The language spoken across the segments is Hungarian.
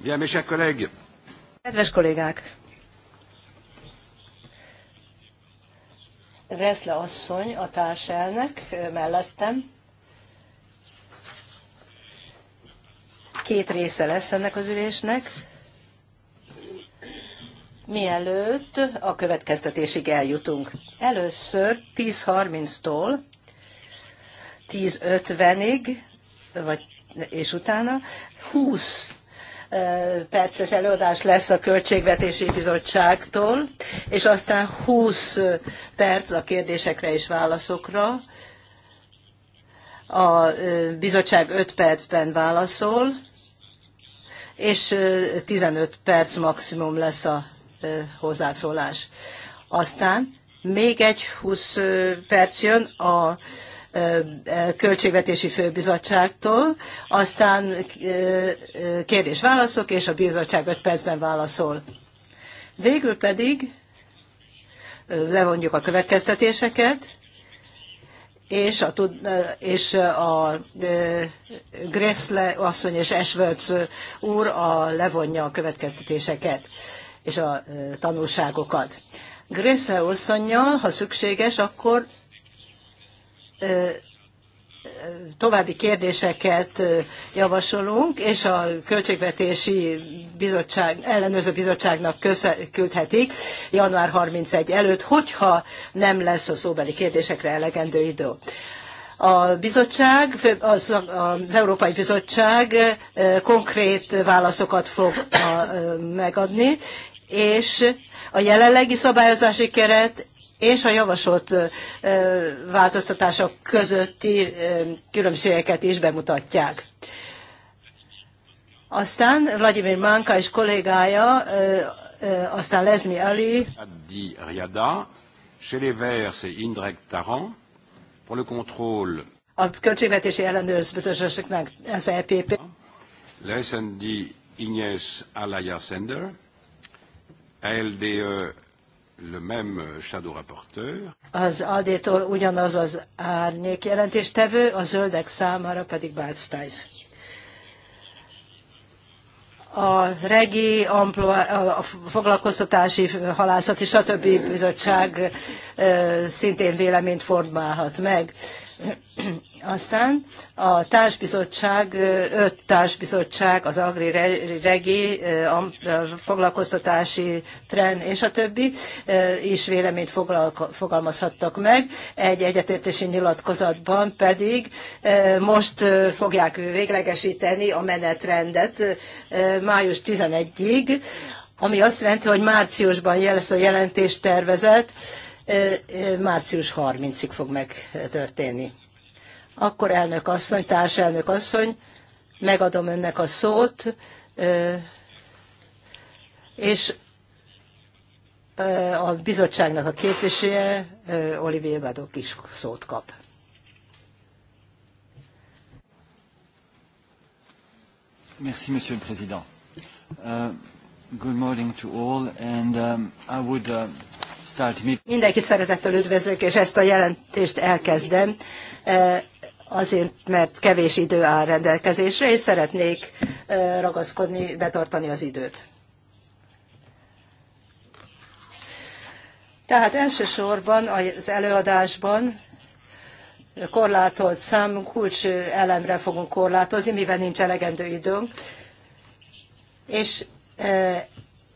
Bien, mes chers collègues. Kedves kollégák! Reszle asszony, a társelnök mellettem. Két része lesz ennek az ülésnek mielőtt a következtetésig eljutunk. Először 10.30-tól 10.50-ig, vagy, és utána 20 eh, perces előadás lesz a Költségvetési Bizottságtól, és aztán 20 eh, perc a kérdésekre és válaszokra. A eh, bizottság 5 percben válaszol, és 15 perc maximum lesz a hozzászólás. Aztán még egy 20 perc jön a Költségvetési Főbizottságtól, aztán kérdés-válaszok, és a bizottság 5 percben válaszol. Végül pedig levonjuk a következtetéseket, és a, és a Gressle asszony és Esvölc úr a, levonja a következtetéseket és a tanulságokat. Grésze asszonynal, ha szükséges, akkor további kérdéseket javasolunk, és a Költségvetési Bizottság, ellenőrző bizottságnak küldhetik január 31 előtt, hogyha nem lesz a szóbeli kérdésekre elegendő idő. A bizottság, az, az Európai Bizottság konkrét válaszokat fog megadni, és a jelenlegi szabályozási keret és a javasolt változtatások közötti különbségeket is bemutatják. Aztán Vladimir Manka és kollégája, aztán Lesmi Ali. Abdi Riada, chez les Verts c'est Indrek Taran, pour le contrôle. A költségvetési ellenőrzőtösöknek ez EPP. Leszndi Ignace Alaya Sender. Euh, le même euh, shadow rapporteur. Az AD-tól ugyanaz az árnyék jelentéstevő, a zöldek számára pedig Bart A regi, a foglalkoztatási halászati, stb. bizottság szintén véleményt formálhat meg aztán a társbizottság, öt társbizottság, az Agri Regi, a foglalkoztatási trend és a többi is véleményt fogalmazhattak meg. Egy egyetértési nyilatkozatban pedig most fogják véglegesíteni a menetrendet május 11-ig, ami azt jelenti, hogy márciusban lesz a jelentéstervezet, tervezet, március 30-ig fog megtörténni. Akkor elnök asszony, társelnök asszony, megadom önnek a szót, és a bizottságnak a képviselője, Olivier Badok is szót kap. Merci, Monsieur le Président. Uh, good morning to all, and um, I would uh, Mindenkit szeretettel üdvözlök, és ezt a jelentést elkezdem, e, azért, mert kevés idő áll rendelkezésre, és szeretnék e, ragaszkodni, betartani az időt. Tehát elsősorban az előadásban korlátolt szám kulcs elemre fogunk korlátozni, mivel nincs elegendő időnk, és e,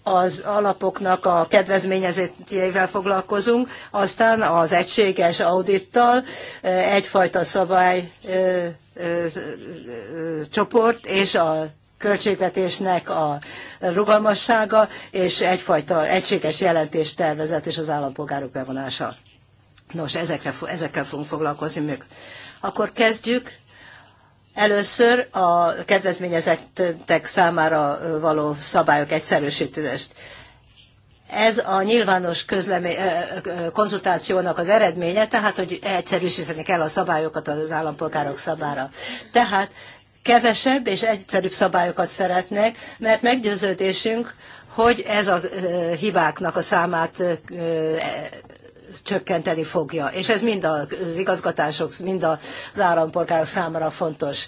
az alapoknak a kedvezményezetjeivel foglalkozunk, aztán az egységes audittal eh, egyfajta szabály eh, eh, csoport és a költségvetésnek a rugalmassága és egyfajta egységes jelentéstervezet és az állampolgárok bevonása. Nos, ezekre, ezekkel fogunk foglalkozni még. Akkor kezdjük Először a kedvezményezettek számára való szabályok egyszerűsítést. Ez a nyilvános közlemé, konzultációnak az eredménye, tehát hogy egyszerűsíteni kell a szabályokat az állampolgárok szabára. Tehát kevesebb és egyszerűbb szabályokat szeretnek, mert meggyőződésünk, hogy ez a hibáknak a számát csökkenteni fogja. És ez mind az igazgatások, mind az állampolgárok számára fontos.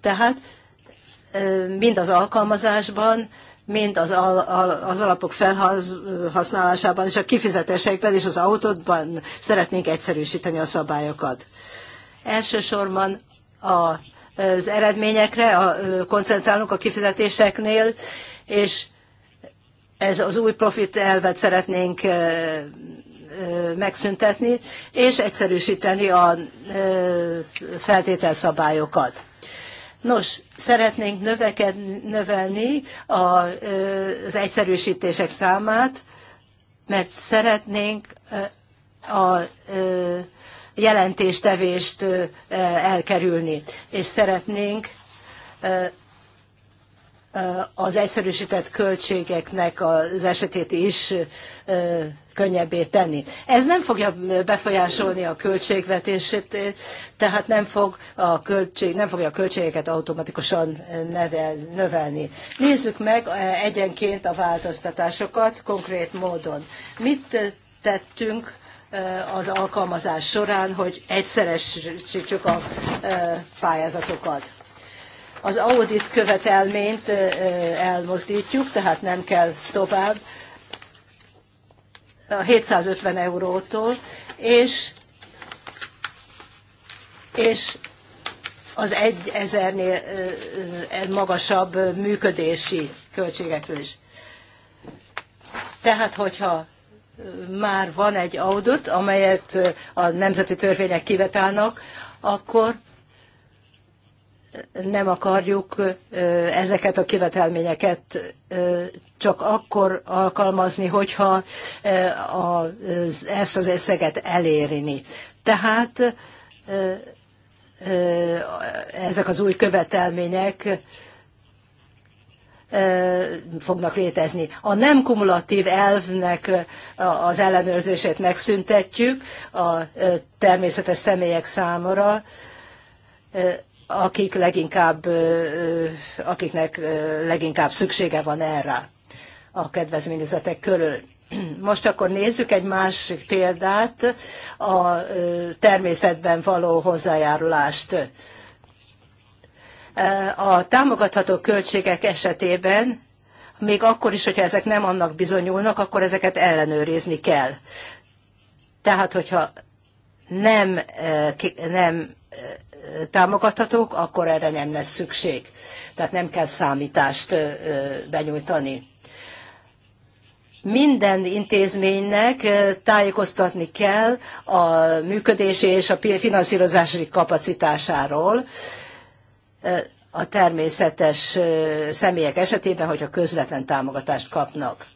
Tehát mind az alkalmazásban, mind az, al, az alapok felhasználásában és a kifizetésekben, és az autódban szeretnénk egyszerűsíteni a szabályokat. Elsősorban a, az eredményekre a, koncentrálunk a kifizetéseknél, és ez az új profit elvet szeretnénk megszüntetni, és egyszerűsíteni a feltételszabályokat. Nos, szeretnénk növeked, növelni a, az egyszerűsítések számát, mert szeretnénk a jelentéstevést elkerülni, és szeretnénk az egyszerűsített költségeknek az esetét is könnyebbé tenni. Ez nem fogja befolyásolni a költségvetését, tehát nem, fog a költség, nem fogja a költségeket automatikusan nevel, növelni. Nézzük meg eh, egyenként a változtatásokat konkrét módon. Mit tettünk eh, az alkalmazás során, hogy egyszeresítsük a eh, pályázatokat. Az audit követelményt elmozdítjuk, tehát nem kell tovább 750 eurótól, és, és az 1000-nél magasabb működési költségekről is. Tehát, hogyha már van egy audit, amelyet a nemzeti törvények kivetálnak, akkor nem akarjuk ezeket a követelményeket csak akkor alkalmazni, hogyha ezt az összeget elérni. Tehát ezek az új követelmények fognak létezni. A nem kumulatív elvnek az ellenőrzését megszüntetjük a természetes személyek számára, akik leginkább, akiknek leginkább szüksége van erre a kedvezményezetek körül. Most akkor nézzük egy másik példát, a természetben való hozzájárulást. A támogatható költségek esetében, még akkor is, hogyha ezek nem annak bizonyulnak, akkor ezeket ellenőrizni kell. Tehát, hogyha nem, nem támogathatók, akkor erre nem lesz szükség. Tehát nem kell számítást benyújtani. Minden intézménynek tájékoztatni kell a működési és a finanszírozási kapacitásáról a természetes személyek esetében, hogy a közvetlen támogatást kapnak.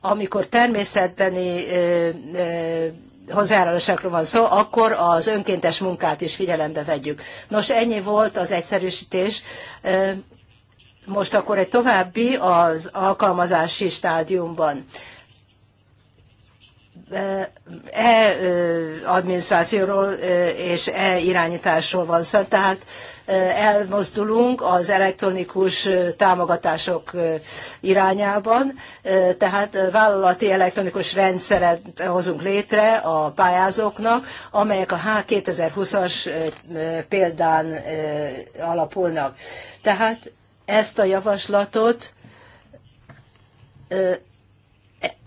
amikor természetbeni hozzájárulásokról van szó, akkor az önkéntes munkát is figyelembe vegyük. Nos, ennyi volt az egyszerűsítés. Most akkor egy további az alkalmazási stádiumban. E-adminisztrációról és e-irányításról van szó, tehát Eh, elmozdulunk az elektronikus eh, támogatások eh, irányában, tehát vállalati elektronikus rendszeret hozunk létre a pályázóknak, amelyek a H2020-as példán alapulnak. Tehát ezt a javaslatot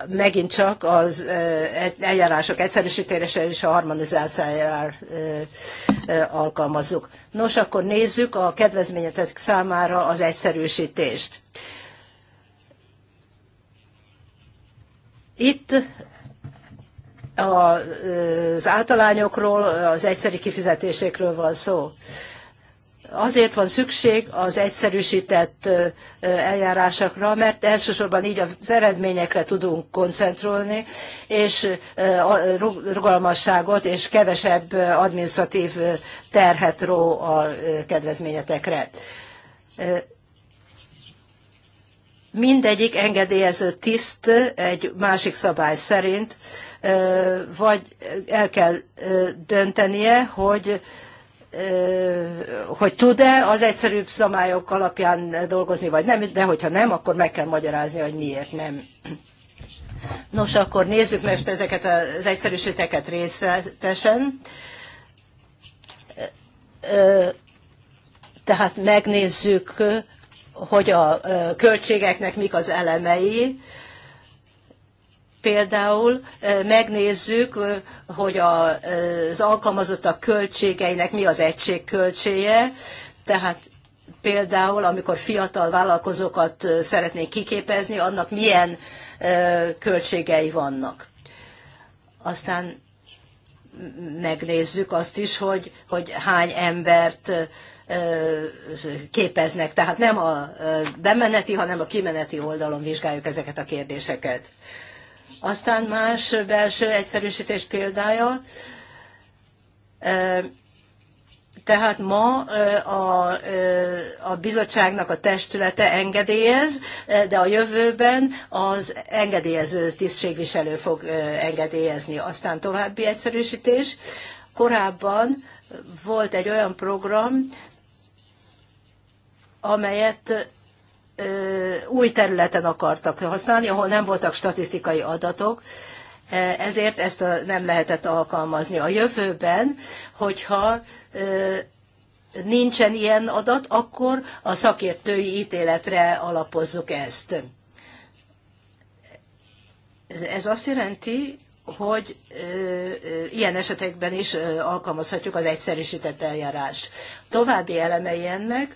megint csak az eljárások egyszerűsítésére és a harmonizációjára alkalmazzuk. Nos, akkor nézzük a kedvezményetek számára az egyszerűsítést. Itt az általányokról, az egyszeri kifizetésekről van szó azért van szükség az egyszerűsített eljárásokra, mert elsősorban így az eredményekre tudunk koncentrálni és a rugalmasságot és kevesebb administratív terhet ró a kedvezményetekre. Mindegyik engedélyező tiszt egy másik szabály szerint, vagy el kell döntenie, hogy hogy tud-e az egyszerűbb szabályok alapján dolgozni, vagy nem, de hogyha nem, akkor meg kell magyarázni, hogy miért nem. Nos, akkor nézzük most ezeket az egyszerűsíteket részletesen. Tehát megnézzük, hogy a költségeknek mik az elemei, például megnézzük, hogy az alkalmazottak költségeinek mi az egység költsége, tehát például, amikor fiatal vállalkozókat szeretnék kiképezni, annak milyen költségei vannak. Aztán megnézzük azt is, hogy, hogy hány embert képeznek. Tehát nem a bemeneti, hanem a kimeneti oldalon vizsgáljuk ezeket a kérdéseket. Aztán más belső egyszerűsítés példája. Tehát ma a, a bizottságnak a testülete engedélyez, de a jövőben az engedélyező tisztségviselő fog engedélyezni. Aztán további egyszerűsítés. Korábban volt egy olyan program, amelyet új területen akartak használni, ahol nem voltak statisztikai adatok, ezért ezt nem lehetett alkalmazni. A jövőben, hogyha nincsen ilyen adat, akkor a szakértői ítéletre alapozzuk ezt. Ez azt jelenti, hogy ilyen esetekben is alkalmazhatjuk az egyszerűsített eljárást. További elemei ennek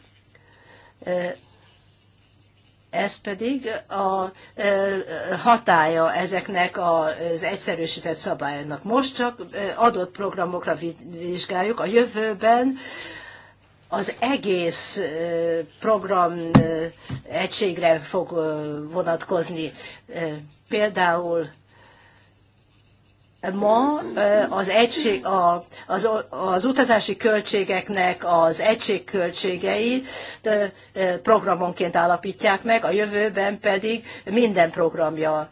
ez pedig a e, hatája ezeknek az egyszerűsített szabályoknak. Most csak e, adott programokra vizsgáljuk, a jövőben az egész e, program egységre fog vonatkozni. Például ma az, egység, a, az, az utazási költségeknek az egységköltségeit programonként állapítják meg, a jövőben pedig minden programja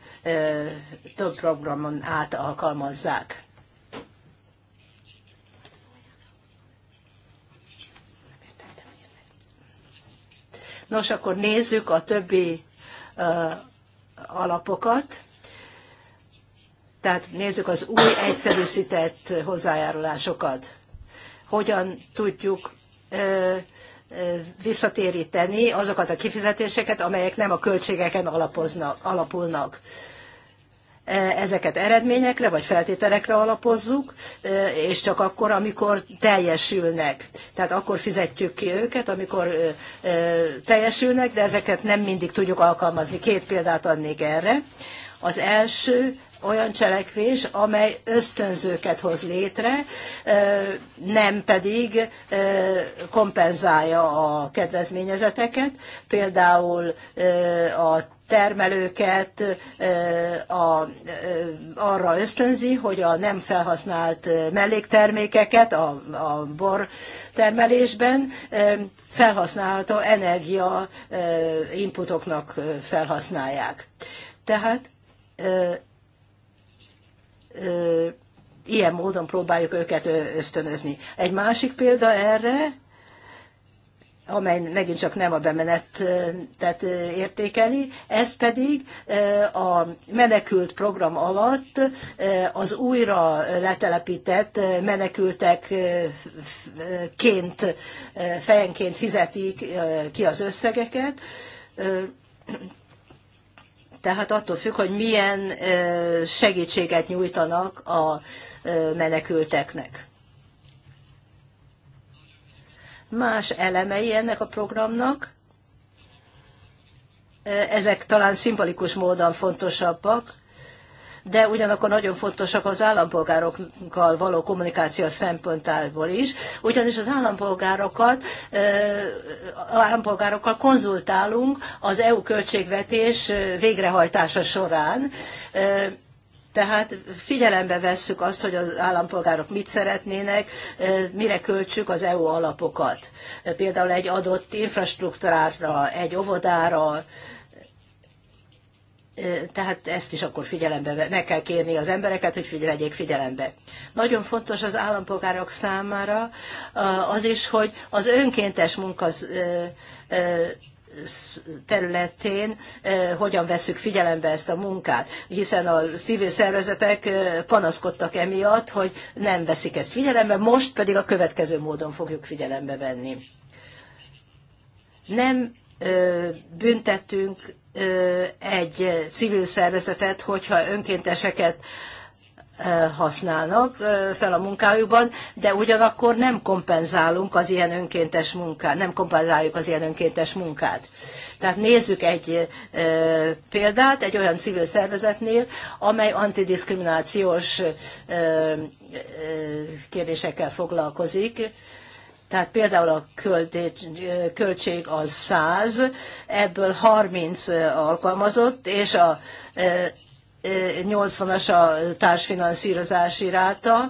több programon át alkalmazzák. Nos, akkor nézzük a többi alapokat tehát nézzük az új egyszerűsített hozzájárulásokat. Hogyan tudjuk visszatéríteni azokat a kifizetéseket, amelyek nem a költségeken alapoznak, alapulnak. Ezeket eredményekre vagy feltételekre alapozzuk, és csak akkor, amikor teljesülnek. Tehát akkor fizetjük ki őket, amikor teljesülnek, de ezeket nem mindig tudjuk alkalmazni. Két példát adnék erre. Az első olyan cselekvés, amely ösztönzőket hoz létre, nem pedig kompenzálja a kedvezményezeteket, például a termelőket a, arra ösztönzi, hogy a nem felhasznált melléktermékeket a, a bor termelésben felhasználható energia inputoknak felhasználják. Tehát ilyen módon próbáljuk őket ösztönözni. Egy másik példa erre, amely megint csak nem a bemenetet értékeli, ez pedig a menekült program alatt az újra letelepített menekültek ként, fejenként fizetik ki az összegeket, tehát attól függ, hogy milyen segítséget nyújtanak a menekülteknek. Más elemei ennek a programnak, ezek talán szimbolikus módon fontosabbak, de ugyanakkor nagyon fontosak az állampolgárokkal való kommunikáció szempontából is, ugyanis az állampolgárokat, állampolgárokkal konzultálunk az EU költségvetés végrehajtása során, tehát figyelembe vesszük azt, hogy az állampolgárok mit szeretnének, mire költsük az EU alapokat. Például egy adott infrastruktúrára, egy óvodára, tehát ezt is akkor figyelembe meg kell kérni az embereket, hogy vegyék figyelembe. Nagyon fontos az állampolgárok számára az is, hogy az önkéntes munka területén hogyan veszük figyelembe ezt a munkát, hiszen a civil szervezetek panaszkodtak emiatt, hogy nem veszik ezt figyelembe, most pedig a következő módon fogjuk figyelembe venni. Nem büntetünk egy civil szervezetet, hogyha önkénteseket használnak fel a munkájukban, de ugyanakkor nem kompenzálunk az ilyen önkéntes munkát, nem kompenzáljuk az ilyen önkéntes munkát. Tehát nézzük egy példát egy olyan civil szervezetnél, amely antidiszkriminációs kérdésekkel foglalkozik, tehát például a költség az 100, ebből 30 alkalmazott, és a 80-as a társfinanszírozási ráta.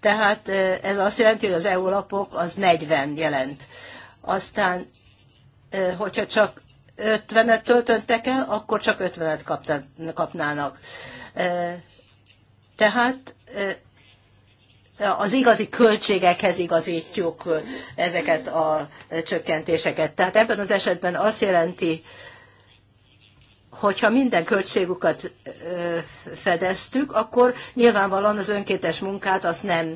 Tehát ez azt jelenti, hogy az EU lapok az 40 jelent. Aztán, hogyha csak 50-et töltöttek el, akkor csak 50-et kapnának. Tehát az igazi költségekhez igazítjuk ezeket a csökkentéseket. Tehát ebben az esetben azt jelenti, hogyha minden költségüket fedeztük, akkor nyilvánvalóan az önkéntes munkát azt nem,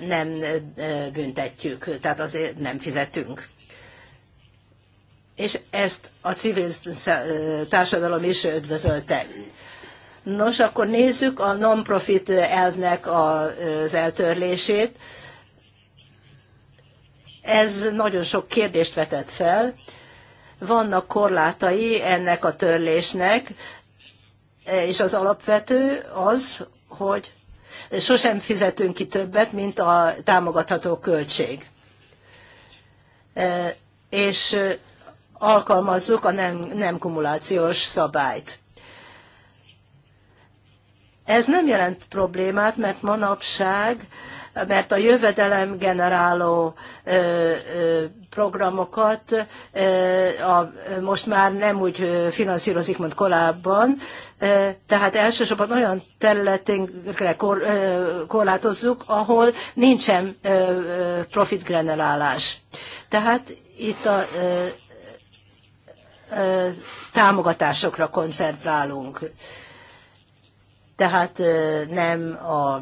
nem büntetjük, tehát azért nem fizetünk. És ezt a civil társadalom is üdvözölte. Nos, akkor nézzük a non-profit elvnek az eltörlését. Ez nagyon sok kérdést vetett fel. Vannak korlátai ennek a törlésnek, és az alapvető az, hogy sosem fizetünk ki többet, mint a támogatható költség. E, és alkalmazzuk a nem, nem kumulációs szabályt. Ez nem jelent problémát, mert manapság, mert a jövedelem generáló programokat a, most már nem úgy finanszírozik, mint korábban, tehát elsősorban olyan területekre korlátozzuk, ahol nincsen profit generálás. Tehát itt a támogatásokra koncentrálunk tehát nem a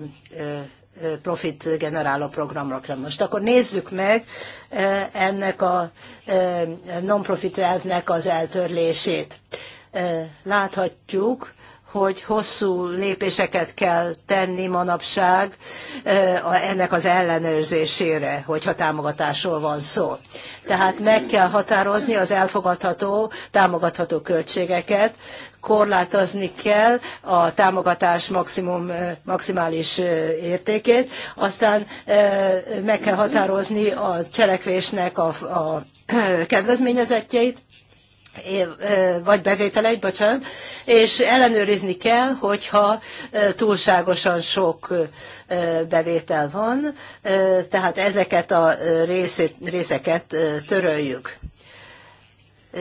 profit generáló programokra. Most akkor nézzük meg ennek a non-profit elvnek az eltörlését. Láthatjuk, hogy hosszú lépéseket kell tenni manapság ennek az ellenőrzésére, hogyha támogatásról van szó. Tehát meg kell határozni az elfogadható, támogatható költségeket, korlátozni kell a támogatás maximum, maximális értékét, aztán meg kell határozni a cselekvésnek a, a kedvezményezettjeit, vagy bevételeit, bocsánat, és ellenőrizni kell, hogyha túlságosan sok bevétel van, tehát ezeket a részeket töröljük.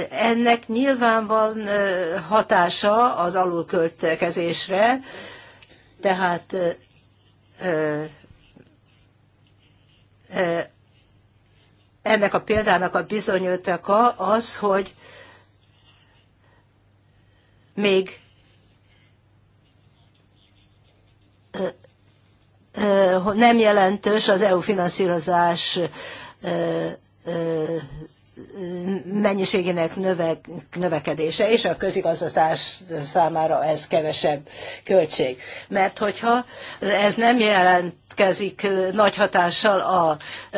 Ennek nyilván van hatása az alulköltekezésre, tehát ennek a példának a bizonyítéka az, hogy még nem jelentős az EU finanszírozás mennyiségének növe, növekedése, és a közigazgatás számára ez kevesebb költség. Mert hogyha ez nem jelentkezik nagy hatással a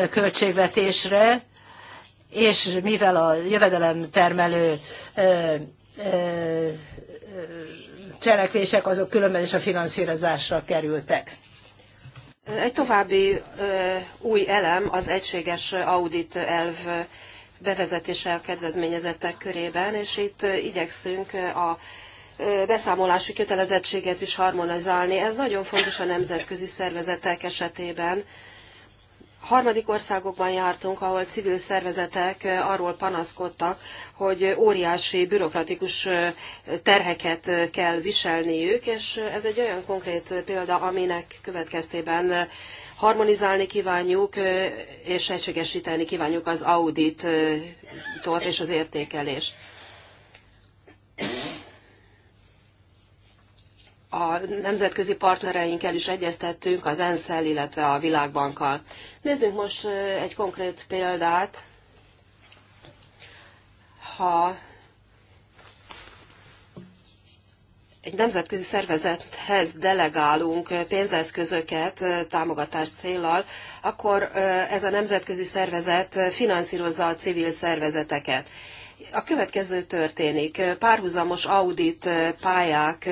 költségvetésre, és mivel a jövedelemtermelő cselekvések azok a finanszírozásra kerültek. Egy további új elem az egységes audit elv bevezetése a kedvezményezettek körében, és itt igyekszünk a beszámolási kötelezettséget is harmonizálni. Ez nagyon fontos a nemzetközi szervezetek esetében, harmadik országokban jártunk, ahol civil szervezetek eh, arról panaszkodtak, hogy óriási bürokratikus eh, terheket eh, kell viselniük, és ez egy olyan konkrét példa, aminek következtében harmonizálni kívánjuk, és egységesíteni kívánjuk az auditot és az értékelést. a nemzetközi partnereinkkel is egyeztettünk, az ensz illetve a Világbankkal. Nézzünk most egy konkrét példát. Ha egy nemzetközi szervezethez delegálunk pénzeszközöket támogatás célral, akkor ez a nemzetközi szervezet finanszírozza a civil szervezeteket. A következő történik. Párhuzamos audit pályák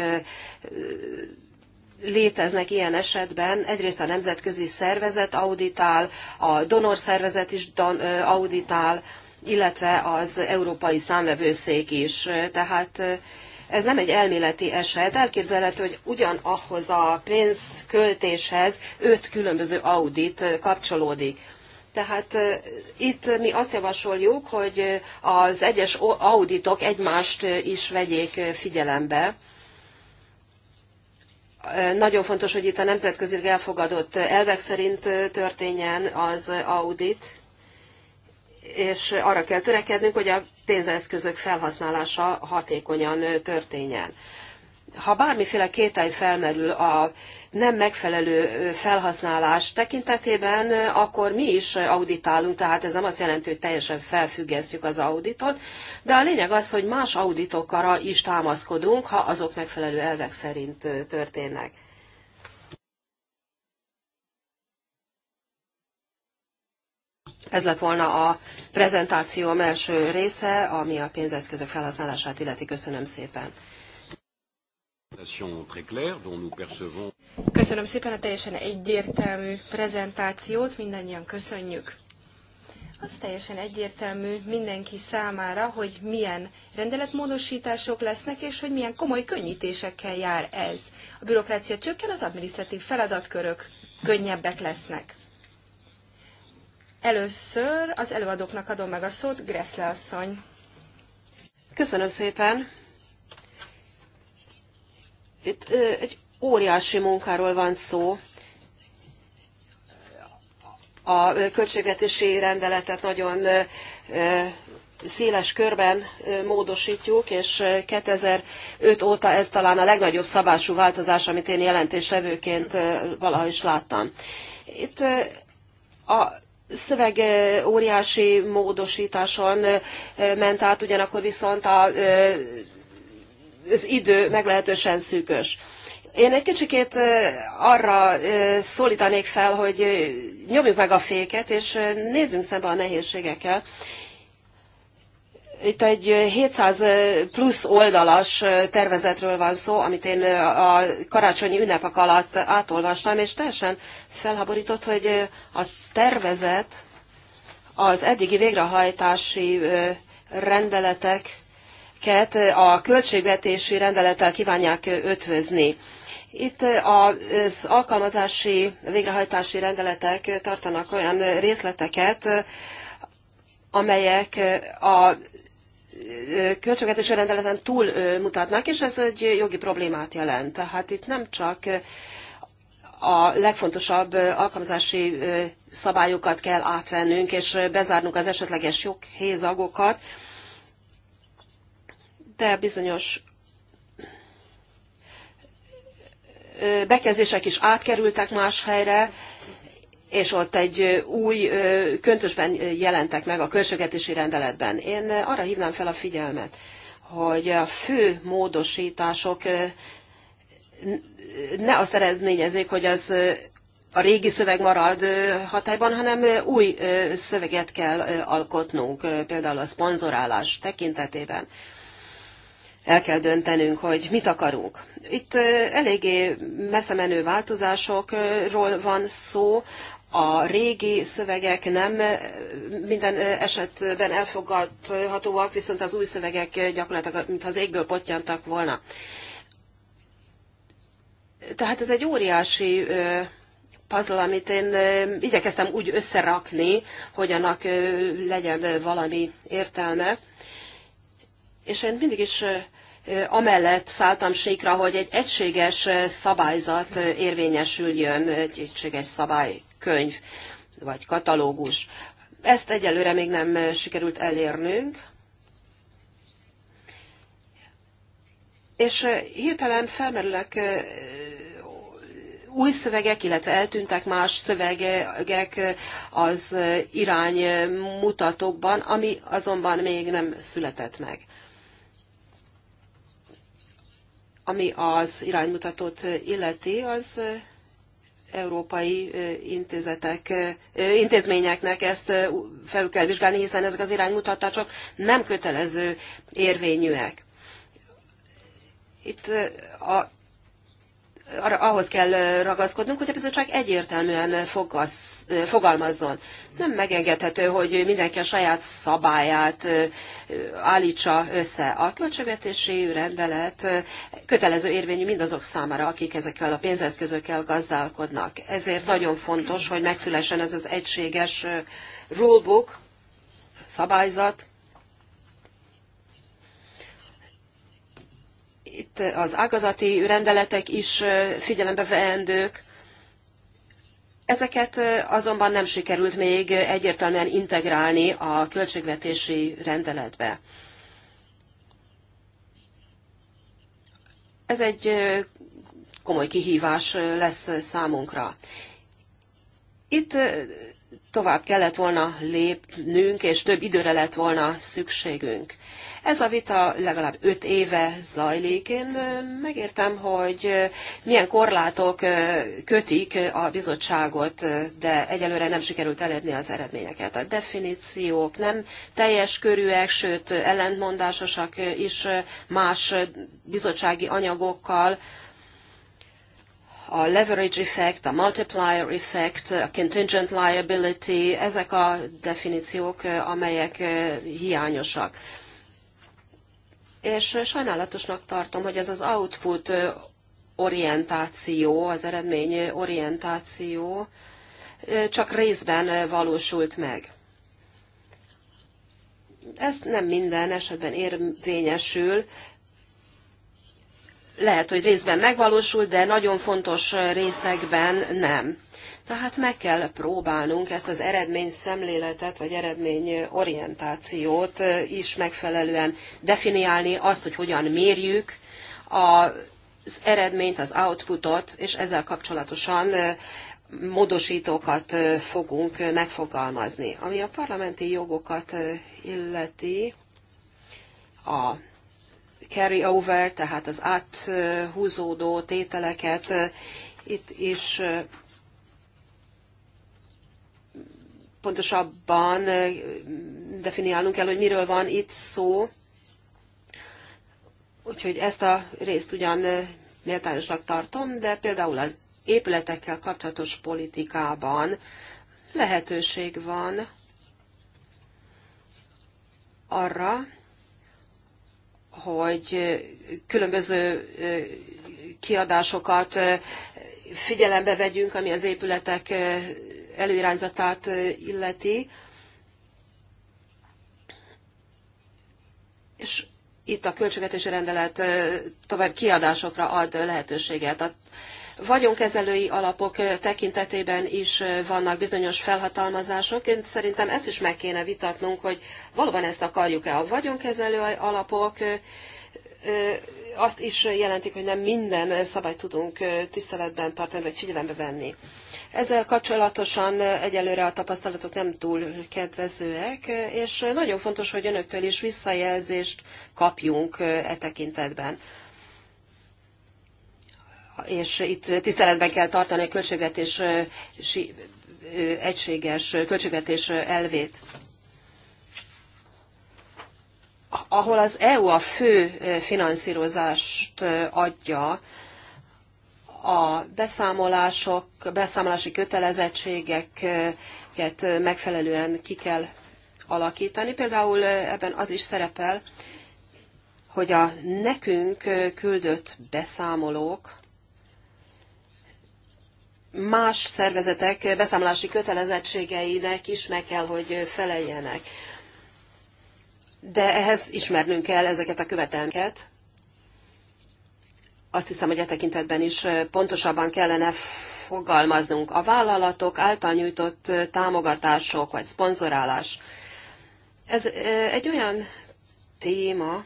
léteznek ilyen esetben. Egyrészt a nemzetközi szervezet auditál, a donor szervezet is auditál, illetve az európai számvevőszék is. Tehát ez nem egy elméleti eset. Elképzelhető, hogy ugyanahhoz a pénzköltéshez öt különböző audit kapcsolódik. Tehát itt mi azt javasoljuk, hogy az egyes auditok egymást is vegyék figyelembe. Nagyon fontos, hogy itt a nemzetközi elfogadott elvek szerint történjen az audit, és arra kell törekednünk, hogy a pénzeszközök felhasználása hatékonyan történjen ha bármiféle kételj felmerül a nem megfelelő felhasználás tekintetében, akkor mi is auditálunk, tehát ez nem azt jelenti, hogy teljesen felfüggesztjük az auditot, de a lényeg az, hogy más auditokra is támaszkodunk, ha azok megfelelő elvek szerint történnek. Ez lett volna a prezentációm első része, ami a pénzeszközök felhasználását illeti. Köszönöm szépen! Köszönöm szépen a teljesen egyértelmű prezentációt, mindannyian köszönjük. Az teljesen egyértelmű mindenki számára, hogy milyen rendeletmódosítások lesznek, és hogy milyen komoly könnyítésekkel jár ez. A bürokrácia csökken, az adminisztratív feladatkörök könnyebbek lesznek. Először az előadóknak adom meg a szót, Greszle asszony. Köszönöm szépen! Itt egy óriási munkáról van szó. A költségvetési rendeletet nagyon széles körben módosítjuk, és 2005 óta ez talán a legnagyobb szabású változás, amit én jelentéstevőként valaha is láttam. Itt a szöveg óriási módosításon ment át, ugyanakkor viszont a az idő meglehetősen szűkös. Én egy kicsikét arra szólítanék fel, hogy nyomjuk meg a féket, és nézzünk szembe a nehézségekkel. Itt egy 700 plusz oldalas tervezetről van szó, amit én a karácsonyi ünnepek alatt átolvastam, és teljesen felhaborított, hogy a tervezet az eddigi végrehajtási rendeletek amelyeket a költségvetési rendelettel kívánják ötvözni. Itt az alkalmazási, végrehajtási rendeletek tartanak olyan részleteket, amelyek a költségvetési rendeleten túl mutatnak, és ez egy jogi problémát jelent. Tehát itt nem csak a legfontosabb alkalmazási szabályokat kell átvennünk, és bezárnunk az esetleges joghézagokat, de bizonyos bekezdések is átkerültek más helyre, és ott egy új köntösben jelentek meg a költségetési rendeletben. Én arra hívnám fel a figyelmet, hogy a fő módosítások ne azt eredményezik, hogy az a régi szöveg marad hatályban, hanem új szöveget kell alkotnunk, például a szponzorálás tekintetében el kell döntenünk, hogy mit akarunk. Itt eléggé messze menő változásokról van szó, a régi szövegek nem minden esetben elfogadhatóak, viszont az új szövegek gyakorlatilag, mintha az égből potyantak volna. Tehát ez egy óriási puzzle, amit én igyekeztem úgy összerakni, hogy annak legyen valami értelme. És én mindig is amellett szálltam síkra, hogy egy egységes szabályzat érvényesüljön, egy egységes szabálykönyv vagy katalógus. Ezt egyelőre még nem sikerült elérnünk. És hirtelen felmerülnek új szövegek, illetve eltűntek más szövegek az iránymutatókban, ami azonban még nem született meg. Ami az iránymutatót illeti, az európai intézetek, intézményeknek ezt felül kell vizsgálni, hiszen ezek az iránymutatások nem kötelező érvényűek. Itt a, ahhoz kell ragaszkodnunk, hogy a bizottság egyértelműen fogalmazzon. Nem megengedhető, hogy mindenki a saját szabályát állítsa össze. A költségvetési rendelet kötelező érvényű mindazok számára, akik ezekkel a pénzeszközökkel gazdálkodnak. Ezért nagyon fontos, hogy megszülessen ez az egységes rulebook, szabályzat, itt az ágazati rendeletek is figyelembe veendők, Ezeket azonban nem sikerült még egyértelműen integrálni a költségvetési rendeletbe. Ez egy komoly kihívás lesz számunkra. Itt tovább kellett volna lépnünk, és több időre lett volna szükségünk. Ez a vita legalább öt éve zajlik. Én megértem, hogy milyen korlátok kötik a bizottságot, de egyelőre nem sikerült elérni az eredményeket. A definíciók nem teljes körűek, sőt ellentmondásosak is más bizottsági anyagokkal a leverage effect, a multiplier effect, a contingent liability, ezek a definíciók, eh, amelyek eh, hiányosak. És eh, sajnálatosnak tartom, hogy ez az output orientáció, az eredmény orientáció csak részben valósult meg. Ez nem minden esetben érvényesül, lehet, hogy részben megvalósul, de nagyon fontos részekben nem. Tehát meg kell próbálnunk ezt az eredmény szemléletet, vagy eredmény orientációt is megfelelően definiálni, azt, hogy hogyan mérjük az eredményt, az outputot, és ezzel kapcsolatosan módosítókat fogunk megfogalmazni. Ami a parlamenti jogokat illeti, a carry-over, tehát az áthúzódó tételeket itt is pontosabban definiálnunk kell, hogy miről van itt szó. Úgyhogy ezt a részt ugyan méltányosnak tartom, de például az épületekkel kapcsolatos politikában lehetőség van arra, hogy különböző kiadásokat figyelembe vegyünk, ami az épületek előirányzatát illeti. És itt a költségvetési rendelet tovább kiadásokra ad lehetőséget. A vagyonkezelői alapok tekintetében is vannak bizonyos felhatalmazások. Én szerintem ezt is meg kéne vitatnunk, hogy valóban ezt akarjuk-e. A vagyonkezelő alapok azt is jelentik, hogy nem minden szabályt tudunk tiszteletben tartani, vagy figyelembe venni. Ezzel kapcsolatosan egyelőre a tapasztalatok nem túl kedvezőek, és nagyon fontos, hogy önöktől is visszajelzést kapjunk e tekintetben és itt tiszteletben kell tartani a költségvetési egységes költségvetés elvét. Ahol az EU a fő finanszírozást adja, a beszámolások, beszámolási kötelezettségeket megfelelően ki kell alakítani. Például ebben az is szerepel, hogy a nekünk küldött beszámolók más szervezetek beszámolási kötelezettségeinek is meg kell, hogy feleljenek. De ehhez ismernünk kell ezeket a követelményeket. Azt hiszem, hogy e tekintetben is pontosabban kellene fogalmaznunk. A vállalatok által nyújtott támogatások vagy szponzorálás. Ez egy olyan téma,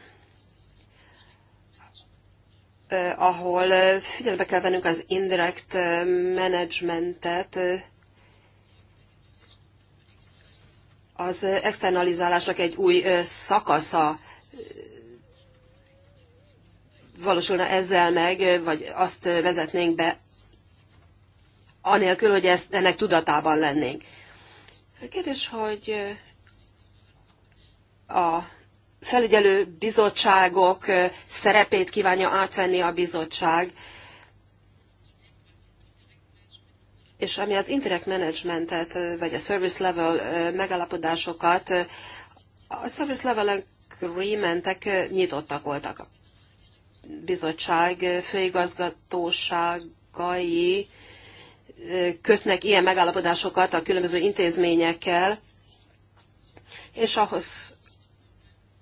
ahol figyelembe kell vennünk az indirect managementet, az externalizálásnak egy új szakasza valósulna ezzel meg, vagy azt vezetnénk be, anélkül, hogy ezt, ennek tudatában lennénk. A kérdés, hogy a felügyelő bizottságok szerepét kívánja átvenni a bizottság, és ami az indirect managementet, vagy a service level megállapodásokat, a service level agreementek nyitottak voltak. A bizottság főigazgatóságai kötnek ilyen megállapodásokat a különböző intézményekkel, és ahhoz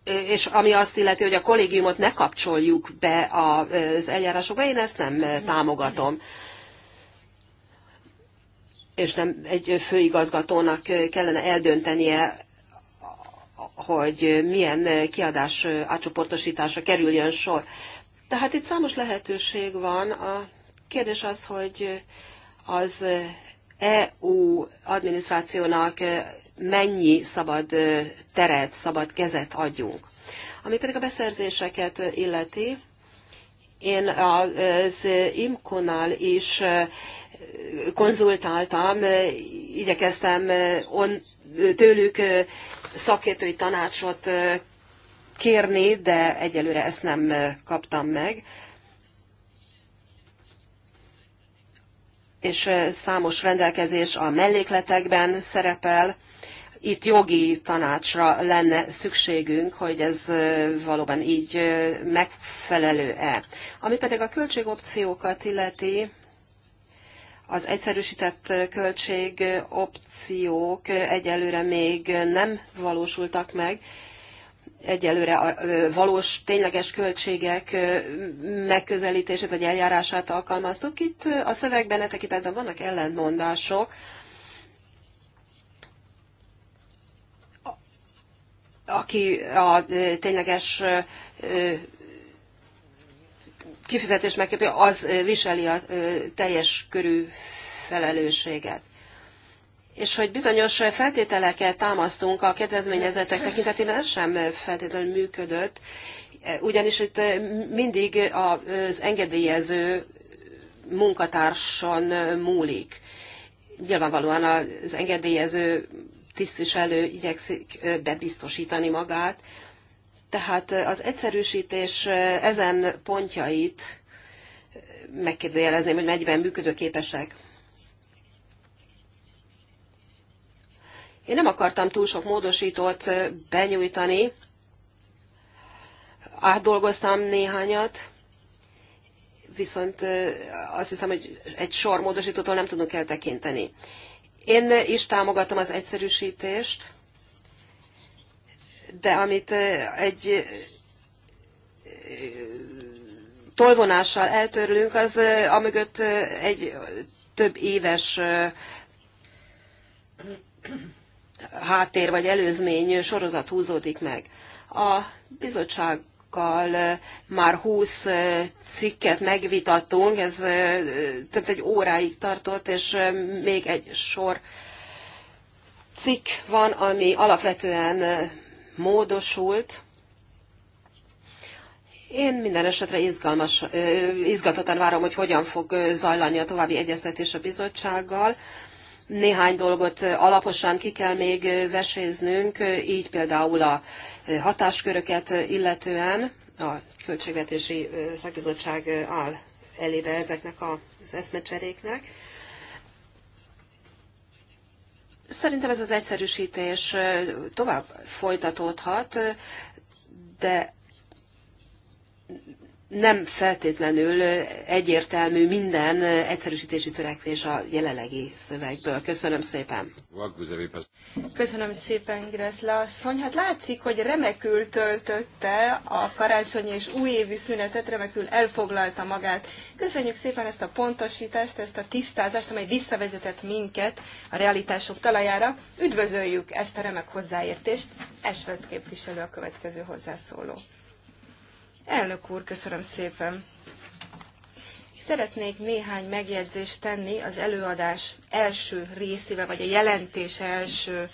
és ami azt illeti, hogy a kollégiumot ne kapcsoljuk be az eljárásokba, én ezt nem támogatom. És nem egy főigazgatónak kellene eldöntenie, hogy milyen kiadás átcsoportosítása kerüljön sor. Tehát itt számos lehetőség van. A kérdés az, hogy az EU adminisztrációnak mennyi szabad teret, szabad kezet adjunk. Ami pedig a beszerzéseket illeti, én az IMCO-nal is konzultáltam, igyekeztem on, tőlük szakértői tanácsot kérni, de egyelőre ezt nem kaptam meg. És számos rendelkezés a mellékletekben szerepel, itt jogi tanácsra lenne szükségünk, hogy ez valóban így megfelelő-e. Ami pedig a költségopciókat illeti, az egyszerűsített költségopciók egyelőre még nem valósultak meg, egyelőre a valós, tényleges költségek megközelítését vagy eljárását alkalmaztuk. Itt a szövegben e tekintetben vannak ellentmondások, aki a tényleges kifizetés megkapja, az viseli a teljes körű felelősséget. És hogy bizonyos feltételeket támasztunk a kedvezményezetek tekintetében, ez sem feltétlenül működött, ugyanis itt mindig az engedélyező munkatárson múlik. Nyilvánvalóan az engedélyező tisztviselő igyekszik bebiztosítani magát. Tehát az egyszerűsítés ezen pontjait megkérdőjelezném, hogy mennyiben működőképesek. Én nem akartam túl sok módosítót benyújtani, átdolgoztam néhányat, viszont azt hiszem, hogy egy sor módosítótól nem tudunk eltekinteni. Én is támogatom az egyszerűsítést, de amit egy tolvonással eltörlünk, az amögött egy több éves háttér vagy előzmény sorozat húzódik meg. A bizottság kollégákkal már húsz cikket megvitattunk, ez több egy óráig tartott, és még egy sor cikk van, ami alapvetően módosult. Én minden esetre izgalmas, izgatottan várom, hogy hogyan fog zajlani a további egyeztetés a bizottsággal. Néhány dolgot alaposan ki kell még veséznünk, így például a hatásköröket illetően a Költségvetési Szakbizottság áll elébe ezeknek az eszmecseréknek. Szerintem ez az egyszerűsítés tovább folytatódhat, de nem feltétlenül egyértelmű minden egyszerűsítési törekvés a jelenlegi szövegből. Köszönöm szépen. Köszönöm szépen, Greszla asszony. Hát látszik, hogy remekül töltötte a karácsonyi és újévi szünetet, remekül elfoglalta magát. Köszönjük szépen ezt a pontosítást, ezt a tisztázást, amely visszavezetett minket a realitások talajára. Üdvözöljük ezt a remek hozzáértést. Esvesz képviselő a következő hozzászóló. Elnök úr, köszönöm szépen. Szeretnék néhány megjegyzést tenni az előadás első részével, vagy a jelentés első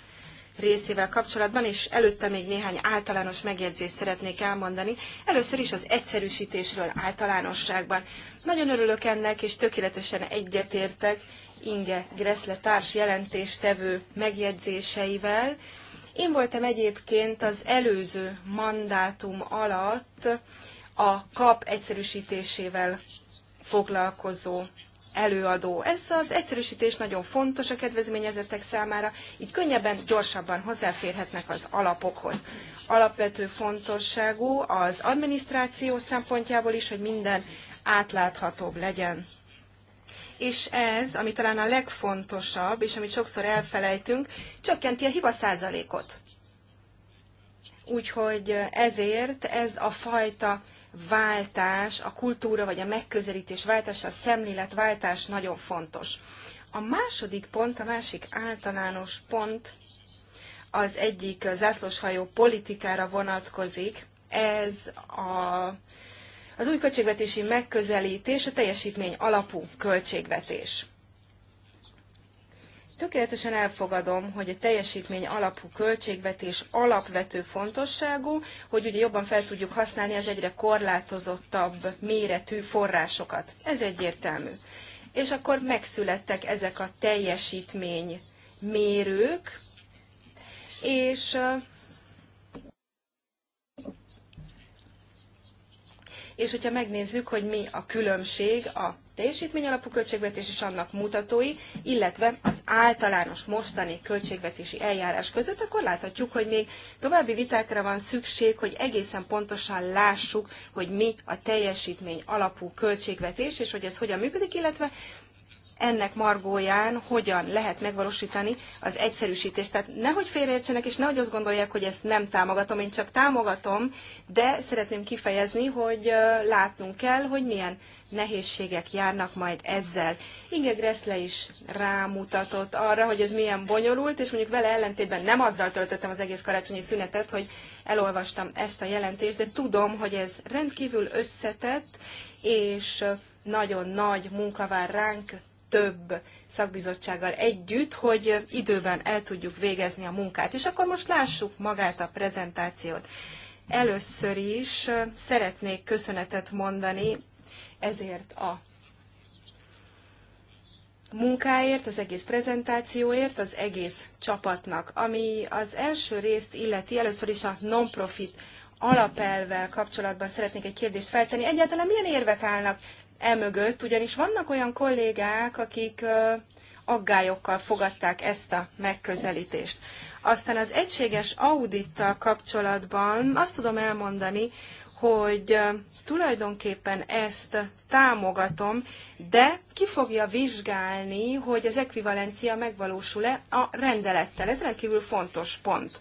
részével kapcsolatban, és előtte még néhány általános megjegyzést szeretnék elmondani. Először is az egyszerűsítésről általánosságban. Nagyon örülök ennek, és tökéletesen egyetértek Inge Gressle társ jelentéstevő megjegyzéseivel. Én voltam egyébként az előző mandátum alatt a kap egyszerűsítésével foglalkozó előadó. Ez az egyszerűsítés nagyon fontos a kedvezményezettek számára, így könnyebben, gyorsabban hozzáférhetnek az alapokhoz. Alapvető fontosságú az adminisztráció szempontjából is, hogy minden átláthatóbb legyen. És ez, ami talán a legfontosabb, és amit sokszor elfelejtünk, csökkenti a hiba százalékot. Úgyhogy ezért ez a fajta váltás, a kultúra vagy a megközelítés váltása, a szemléletváltás nagyon fontos. A második pont, a másik általános pont az egyik zászlóshajó politikára vonatkozik. Ez a, az új költségvetési megközelítés, a teljesítmény alapú költségvetés. Tökéletesen elfogadom, hogy a teljesítmény alapú költségvetés alapvető fontosságú, hogy ugye jobban fel tudjuk használni az egyre korlátozottabb méretű forrásokat. Ez egyértelmű. És akkor megszülettek ezek a teljesítmény mérők, és és hogyha megnézzük, hogy mi a különbség a alapú költségvetés és annak mutatói, illetve az általános mostani költségvetési eljárás között, akkor láthatjuk, hogy még további vitákra van szükség, hogy egészen pontosan lássuk, hogy mi a teljesítmény alapú költségvetés, és hogy ez hogyan működik, illetve ennek margóján hogyan lehet megvalósítani az egyszerűsítést. Tehát nehogy félreértsenek, és nehogy azt gondolják, hogy ezt nem támogatom, én csak támogatom, de szeretném kifejezni, hogy látnunk kell, hogy milyen nehézségek járnak majd ezzel. Inge Gressle is rámutatott arra, hogy ez milyen bonyolult, és mondjuk vele ellentétben nem azzal töltöttem az egész karácsonyi szünetet, hogy elolvastam ezt a jelentést, de tudom, hogy ez rendkívül összetett, és nagyon nagy munka vár ránk több szakbizottsággal együtt, hogy időben el tudjuk végezni a munkát. És akkor most lássuk magát a prezentációt. Először is szeretnék köszönetet mondani ezért a munkáért, az egész prezentációért, az egész csapatnak. Ami az első részt illeti, először is a non-profit alapelvel kapcsolatban szeretnék egy kérdést feltenni. Egyáltalán milyen érvek állnak emögött, ugyanis vannak olyan kollégák, akik aggályokkal fogadták ezt a megközelítést. Aztán az egységes audittal kapcsolatban azt tudom elmondani, hogy tulajdonképpen ezt támogatom, de ki fogja vizsgálni, hogy az ekvivalencia megvalósul-e a rendelettel. Ez rendkívül fontos pont.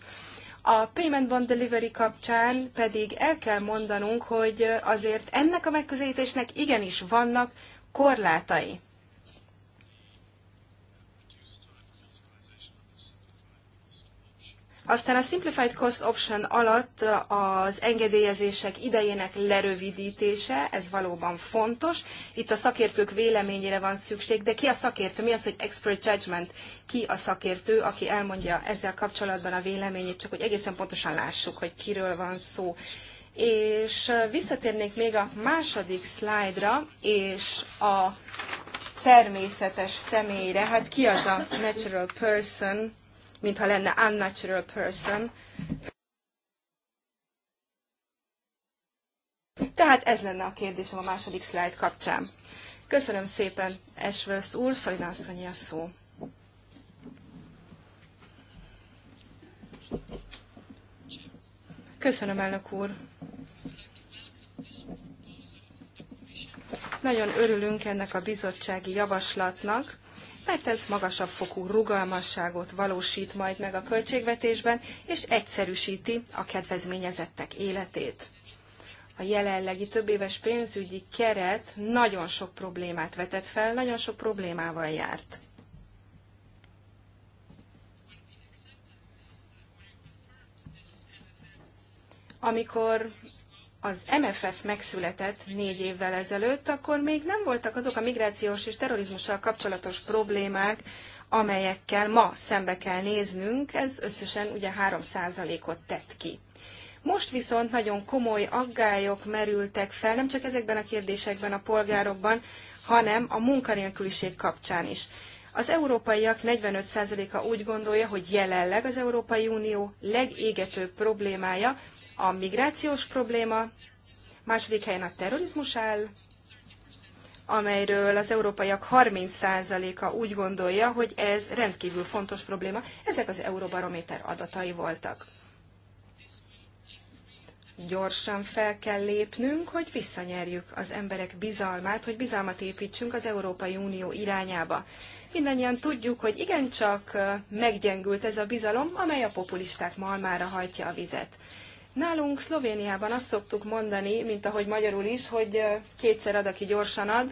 A Payment Bond Delivery kapcsán pedig el kell mondanunk, hogy azért ennek a megközelítésnek igenis vannak korlátai. Aztán a Simplified Cost Option alatt az engedélyezések idejének lerövidítése, ez valóban fontos. Itt a szakértők véleményére van szükség, de ki a szakértő? Mi az, hogy expert judgment? Ki a szakértő, aki elmondja ezzel kapcsolatban a véleményét, csak hogy egészen pontosan lássuk, hogy kiről van szó. És visszatérnék még a második szlájdra, és a természetes személyre, hát ki az a natural person, mintha lenne unnatural person. Tehát ez lenne a kérdésem a második slide kapcsán. Köszönöm szépen, Ashworth úr, Szalina asszonyi a szó. Köszönöm, elnök úr. Nagyon örülünk ennek a bizottsági javaslatnak, mert ez magasabb fokú rugalmasságot valósít majd meg a költségvetésben, és egyszerűsíti a kedvezményezettek életét. A jelenlegi többéves pénzügyi keret nagyon sok problémát vetett fel, nagyon sok problémával járt. Amikor az MFF megszületett négy évvel ezelőtt, akkor még nem voltak azok a migrációs és terrorizmussal kapcsolatos problémák, amelyekkel ma szembe kell néznünk, ez összesen ugye 3%-ot tett ki. Most viszont nagyon komoly aggályok merültek fel, nem csak ezekben a kérdésekben a polgárokban, hanem a munkanélküliség kapcsán is. Az európaiak 45%-a úgy gondolja, hogy jelenleg az Európai Unió legégetőbb problémája a migrációs probléma, második helyen a terrorizmus áll, amelyről az európaiak 30%-a úgy gondolja, hogy ez rendkívül fontos probléma. Ezek az Euróbarométer adatai voltak. Gyorsan fel kell lépnünk, hogy visszanyerjük az emberek bizalmát, hogy bizalmat építsünk az Európai Unió irányába. Mindannyian tudjuk, hogy igencsak meggyengült ez a bizalom, amely a populisták malmára hajtja a vizet. Nálunk Szlovéniában azt szoktuk mondani, mint ahogy magyarul is, hogy kétszer ad, aki gyorsan ad.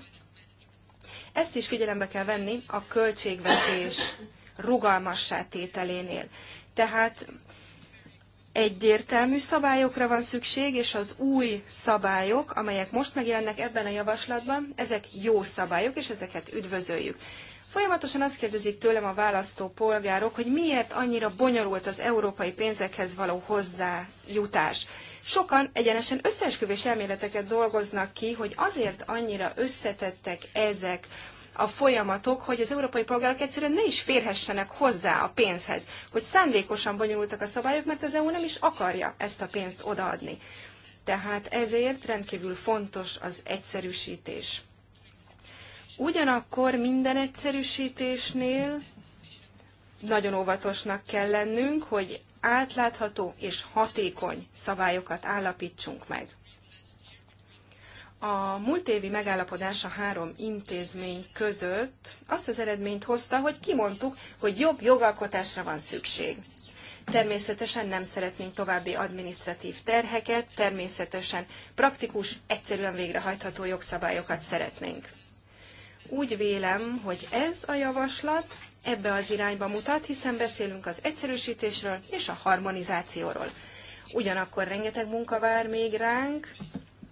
Ezt is figyelembe kell venni a költségvetés rugalmassá tételénél. Tehát egyértelmű szabályokra van szükség, és az új szabályok, amelyek most megjelennek ebben a javaslatban, ezek jó szabályok, és ezeket üdvözöljük. Folyamatosan azt kérdezik tőlem a választó polgárok, hogy miért annyira bonyolult az európai pénzekhez való hozzájutás. Sokan egyenesen összeesküvés elméleteket dolgoznak ki, hogy azért annyira összetettek ezek a folyamatok, hogy az európai polgárok egyszerűen ne is férhessenek hozzá a pénzhez, hogy szándékosan bonyolultak a szabályok, mert az EU nem is akarja ezt a pénzt odaadni. Tehát ezért rendkívül fontos az egyszerűsítés. Ugyanakkor minden egyszerűsítésnél nagyon óvatosnak kell lennünk, hogy átlátható és hatékony szabályokat állapítsunk meg. A múlt évi megállapodás a három intézmény között azt az eredményt hozta, hogy kimondtuk, hogy jobb jogalkotásra van szükség. Természetesen nem szeretnénk további adminisztratív terheket, természetesen praktikus, egyszerűen végrehajtható jogszabályokat szeretnénk. Úgy vélem, hogy ez a javaslat ebbe az irányba mutat, hiszen beszélünk az egyszerűsítésről és a harmonizációról. Ugyanakkor rengeteg munka vár még ránk,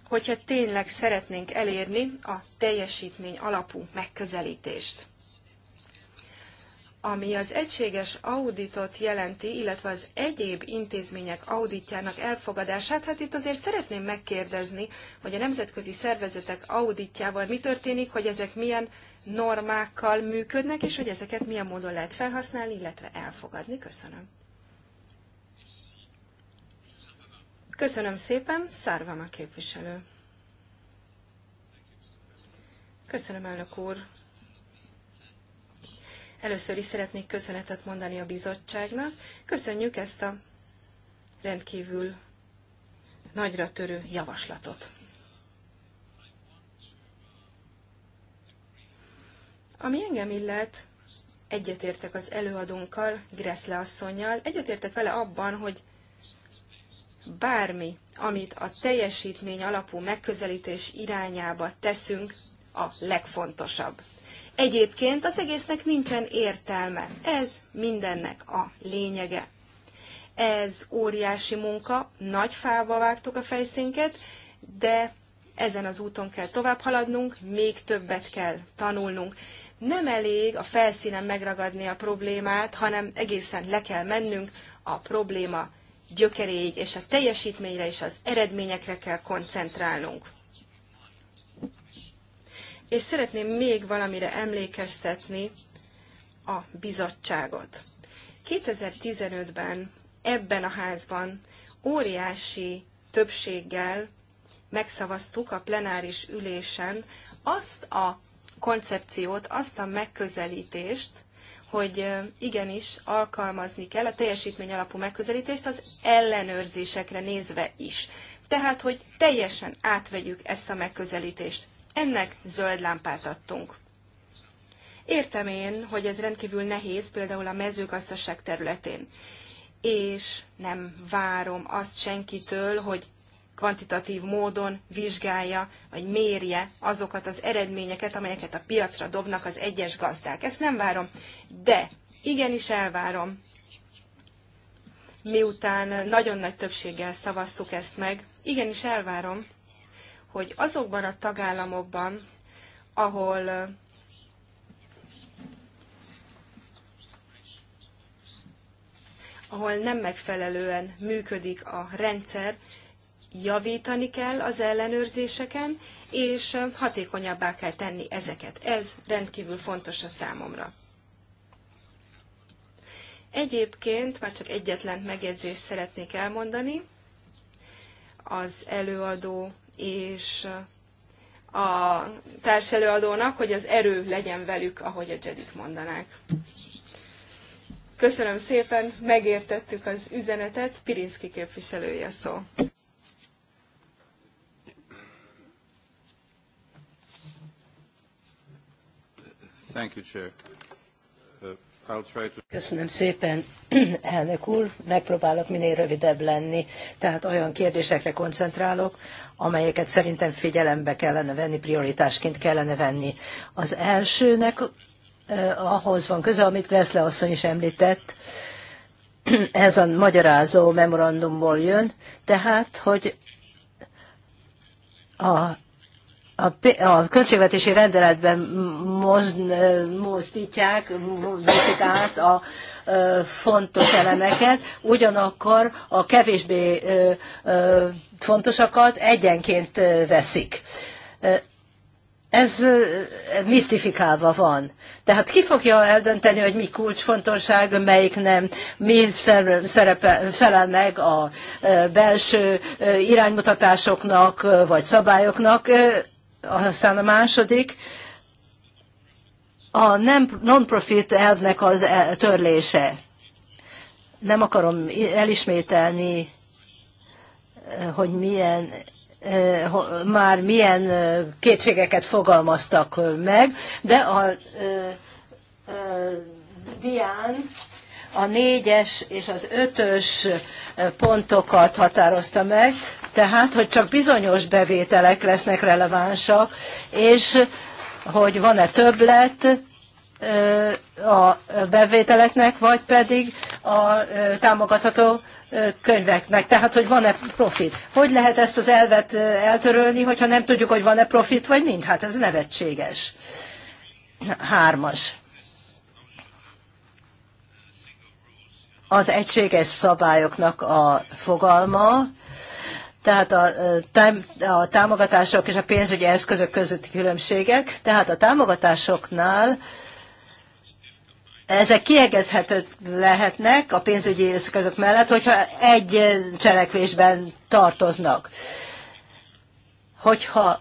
hogyha tényleg szeretnénk elérni a teljesítmény alapú megközelítést ami az egységes auditot jelenti, illetve az egyéb intézmények auditjának elfogadását, hát itt azért szeretném megkérdezni, hogy a nemzetközi szervezetek auditjával mi történik, hogy ezek milyen normákkal működnek, és hogy ezeket milyen módon lehet felhasználni, illetve elfogadni. Köszönöm. Köszönöm szépen, Szárvama képviselő. Köszönöm, elnök úr. Először is szeretnék köszönetet mondani a bizottságnak. Köszönjük ezt a rendkívül nagyra törő javaslatot. Ami engem illet, egyetértek az előadónkkal, Greszle asszonynal, egyetértek vele abban, hogy bármi, amit a teljesítmény alapú megközelítés irányába teszünk, a legfontosabb. Egyébként az egésznek nincsen értelme. Ez mindennek a lényege. Ez óriási munka, nagy fába vágtuk a fejszénket, de ezen az úton kell tovább haladnunk, még többet kell tanulnunk. Nem elég a felszínen megragadni a problémát, hanem egészen le kell mennünk a probléma gyökeréig, és a teljesítményre és az eredményekre kell koncentrálnunk. És szeretném még valamire emlékeztetni a bizottságot. 2015-ben ebben a házban óriási többséggel megszavaztuk a plenáris ülésen azt a koncepciót, azt a megközelítést, hogy igenis alkalmazni kell a teljesítmény alapú megközelítést az ellenőrzésekre nézve is. Tehát, hogy teljesen átvegyük ezt a megközelítést. Ennek zöld lámpát adtunk. Értem én, hogy ez rendkívül nehéz, például a mezőgazdaság területén. És nem várom azt senkitől, hogy kvantitatív módon vizsgálja, vagy mérje azokat az eredményeket, amelyeket a piacra dobnak az egyes gazdák. Ezt nem várom, de igenis elvárom. Miután nagyon nagy többséggel szavaztuk ezt meg, igenis elvárom, hogy azokban a tagállamokban, ahol ahol nem megfelelően működik a rendszer, javítani kell az ellenőrzéseken, és hatékonyabbá kell tenni ezeket. Ez rendkívül fontos a számomra. Egyébként már csak egyetlen megjegyzést szeretnék elmondani. Az előadó és a társelőadónak, hogy az erő legyen velük, ahogy a Jedik mondanák. Köszönöm szépen, megértettük az üzenetet, Pirinszki képviselője szó. Thank you, Chair. Uh, Köszönöm szépen, elnök úr. Megpróbálok minél rövidebb lenni, tehát olyan kérdésekre koncentrálok, amelyeket szerintem figyelembe kellene venni, prioritásként kellene venni. Az elsőnek eh, ahhoz van köze, amit Greszle asszony is említett, ez a magyarázó memorandumból jön, tehát, hogy a a, a költségvetési rendeletben moz, mozdítják, viszik át a fontos elemeket, ugyanakkor a kevésbé fontosakat egyenként veszik. Ez misztifikálva van. Tehát ki fogja eldönteni, hogy mi kulcsfontosság, melyik nem, mi szerepe, felel meg a belső iránymutatásoknak vagy szabályoknak, aztán a második, a non-profit elvnek az eh, törlése. Nem akarom elismételni, eh, hogy milyen eh, már milyen kétségeket fogalmaztak meg, de a, a, a dián a négyes és az ötös pontokat határozta meg, tehát hogy csak bizonyos bevételek lesznek relevánsak, és hogy van-e többlet a bevételeknek, vagy pedig a támogatható könyveknek. Tehát, hogy van-e profit. Hogy lehet ezt az elvet eltörölni, hogyha nem tudjuk, hogy van-e profit, vagy nincs? Hát ez nevetséges. Hármas. Az egységes szabályoknak a fogalma, tehát a, a támogatások és a pénzügyi eszközök közötti különbségek, tehát a támogatásoknál ezek kiegezhető lehetnek a pénzügyi eszközök mellett, hogyha egy cselekvésben tartoznak. Hogyha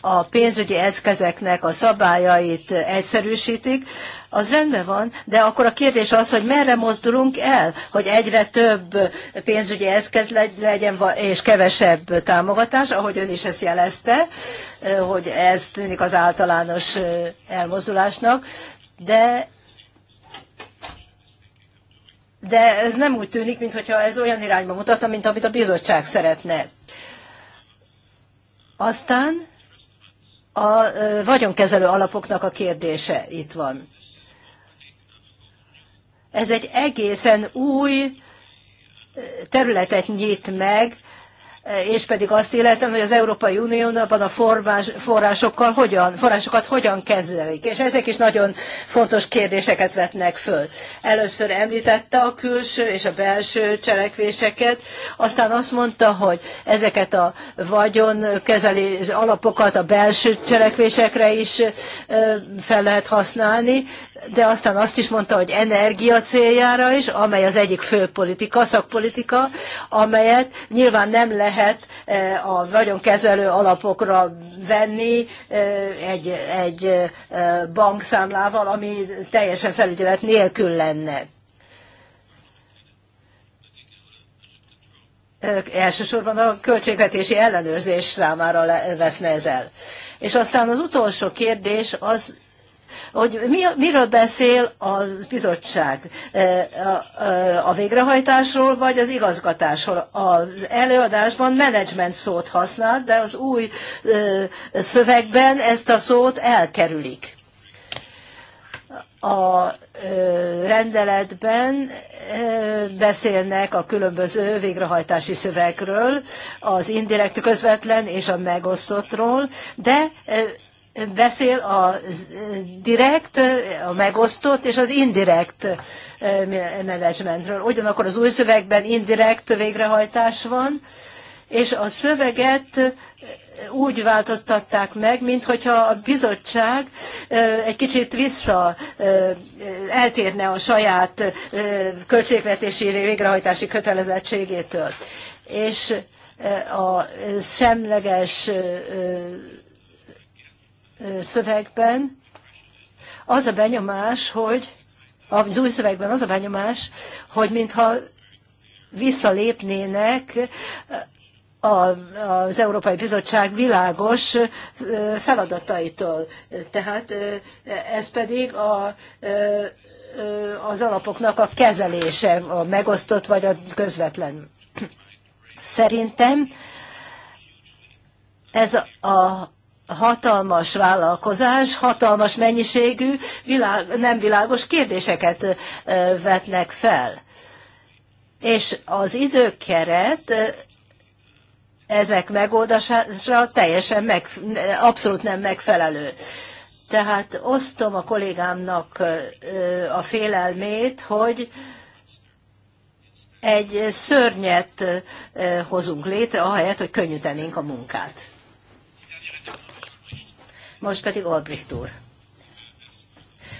a pénzügyi eszközeknek a szabályait egyszerűsítik, az rendben van, de akkor a kérdés az, hogy merre mozdulunk el, hogy egyre több pénzügyi eszköz legyen, és kevesebb támogatás, ahogy ön is ezt jelezte, hogy ez tűnik az általános elmozdulásnak, de de ez nem úgy tűnik, mintha ez olyan irányba mutatna, mint amit a bizottság szeretne. Aztán a vagyonkezelő alapoknak a kérdése itt van. Ez egy egészen új területet nyit meg és pedig azt illetően, hogy az Európai Unióban a forrásokkal hogyan, forrásokat hogyan kezelik. És ezek is nagyon fontos kérdéseket vetnek föl. Először említette a külső és a belső cselekvéseket, aztán azt mondta, hogy ezeket a vagyonkezelés alapokat a belső cselekvésekre is fel lehet használni, de aztán azt is mondta, hogy energia céljára is, amely az egyik fő politika, szakpolitika, amelyet nyilván nem lehet lehet eh, a vagyonkezelő alapokra venni eh, egy, egy eh, bankszámlával, ami teljesen felügyelet nélkül lenne. elsősorban a költségvetési ellenőrzés számára veszne ez el. És aztán az utolsó kérdés az hogy mi, miről beszél a bizottság? E, e, a végrehajtásról vagy az igazgatásról? Az előadásban menedzsment szót használ, de az új e, szövegben ezt a szót elkerülik. A rendeletben beszélnek a különböző végrehajtási szövegről, az indirekt közvetlen és a megosztottról, de beszél a direkt, a megosztott és az indirekt eh, menedzsmentről. Ugyanakkor az új szövegben indirekt végrehajtás van, és a szöveget úgy változtatták meg, mintha a bizottság eh, egy kicsit vissza eh, eltérne a saját költségvetési végrehajtási kötelezettségétől. És a semleges szövegben az a benyomás, hogy az új szövegben az a benyomás, hogy mintha visszalépnének az Európai Bizottság világos feladataitól. Tehát ez pedig a, az alapoknak a kezelése, a megosztott vagy a közvetlen. Szerintem ez a hatalmas vállalkozás, hatalmas mennyiségű, világ, nem világos kérdéseket vetnek fel. És az időkeret ezek megoldására teljesen meg, abszolút nem megfelelő. Tehát osztom a kollégámnak a félelmét, hogy egy szörnyet hozunk létre, ahelyett, hogy könnyítenénk a munkát. Most pedig Albrecht úr.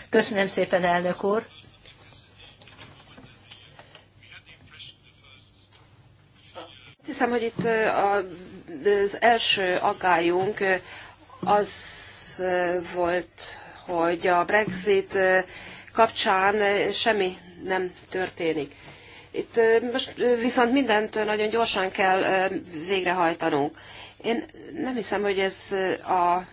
Köszönöm szépen, elnök úr. Azt hiszem, hogy itt az első aggályunk az volt, hogy a Brexit kapcsán semmi nem történik. Itt most viszont mindent nagyon gyorsan kell végrehajtanunk. Én nem hiszem, hogy ez a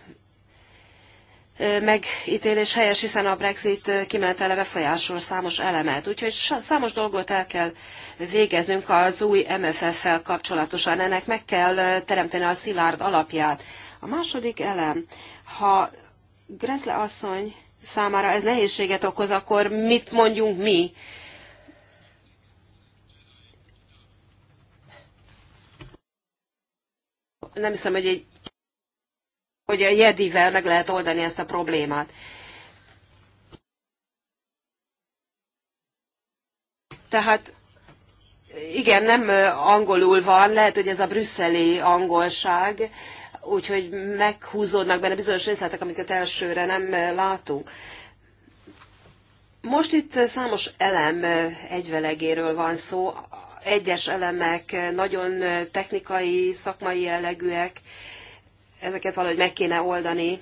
megítélés helyes, hiszen a Brexit kimenetele befolyásol számos elemet. Úgyhogy számos dolgot el kell végeznünk az új MFF-fel kapcsolatosan. Ennek meg kell teremteni a szilárd alapját. A második elem, ha Greszle asszony számára ez nehézséget okoz, akkor mit mondjunk mi? Nem hiszem, hogy egy hogy a jedivel meg lehet oldani ezt a problémát. Tehát igen, nem angolul van, lehet, hogy ez a brüsszeli angolság, úgyhogy meghúzódnak benne bizonyos részletek, amiket elsőre nem látunk. Most itt számos elem egyvelegéről van szó. Egyes elemek nagyon technikai, szakmai jellegűek, ezeket valahogy meg kéne oldani.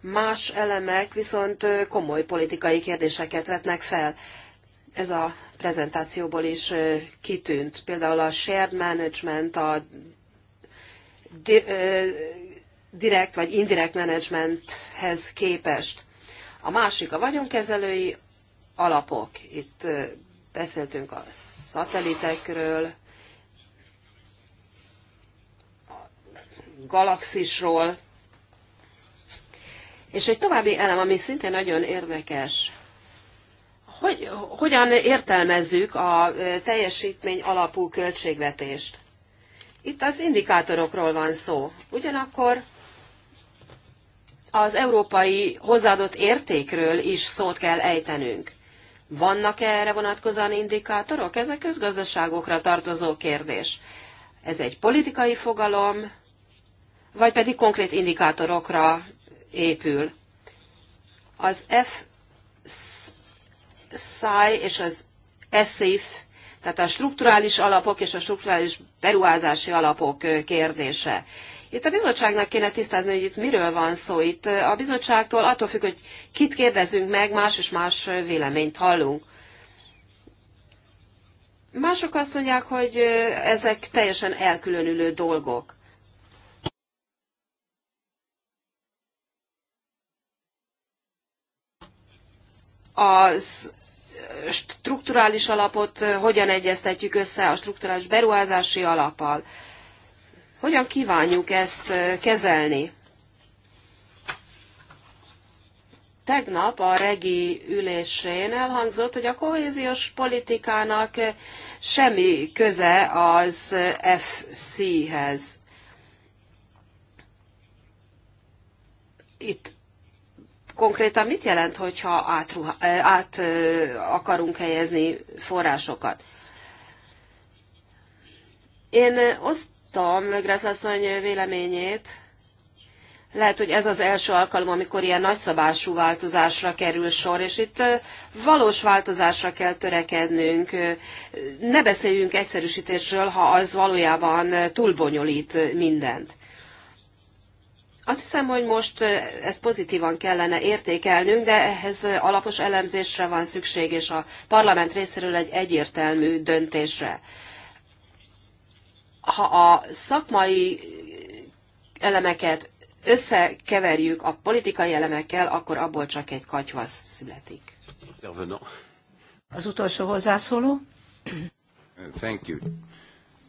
Más elemek viszont komoly politikai kérdéseket vetnek fel. Ez a prezentációból is kitűnt. Például a shared management, a direkt vagy indirekt managementhez képest. A másik a vagyonkezelői alapok. Itt beszéltünk a szatelitekről, galaxisról. És egy további elem, ami szintén nagyon érdekes, hogy hogyan értelmezzük a e, teljesítmény alapú költségvetést. Itt az indikátorokról van szó. Ugyanakkor az európai hozzáadott értékről is szót kell ejtenünk. Vannak -e erre vonatkozóan indikátorok? Ez a közgazdaságokra tartozó kérdés. Ez egy politikai fogalom, vagy pedig konkrét indikátorokra épül. Az F száj és az ESIF, tehát a strukturális alapok és a strukturális beruházási alapok kérdése. Itt a bizottságnak kéne tisztázni, hogy itt miről van szó. Itt a bizottságtól attól függ, hogy kit kérdezünk meg, más és más véleményt hallunk. Mások azt mondják, hogy ezek teljesen elkülönülő dolgok. az strukturális alapot hogyan egyeztetjük össze a strukturális beruházási alappal. Hogyan kívánjuk ezt kezelni? Tegnap a regi ülésén elhangzott, hogy a kohéziós politikának semmi köze az FC-hez. Itt konkrétan mit jelent, hogyha átruha, eh, át eh, akarunk helyezni forrásokat. Én osztom Grászlasszony véleményét, lehet, hogy ez az első alkalom, amikor ilyen nagyszabású változásra kerül sor, és itt eh, valós változásra kell törekednünk. Ne beszéljünk egyszerűsítésről, ha az valójában túlbonyolít mindent. Azt hiszem, hogy most ezt pozitívan kellene értékelnünk, de ehhez alapos elemzésre van szükség, és a parlament részéről egy egyértelmű döntésre. Ha a szakmai elemeket összekeverjük a politikai elemekkel, akkor abból csak egy katyvasz születik. Az utolsó hozzászóló. Thank you.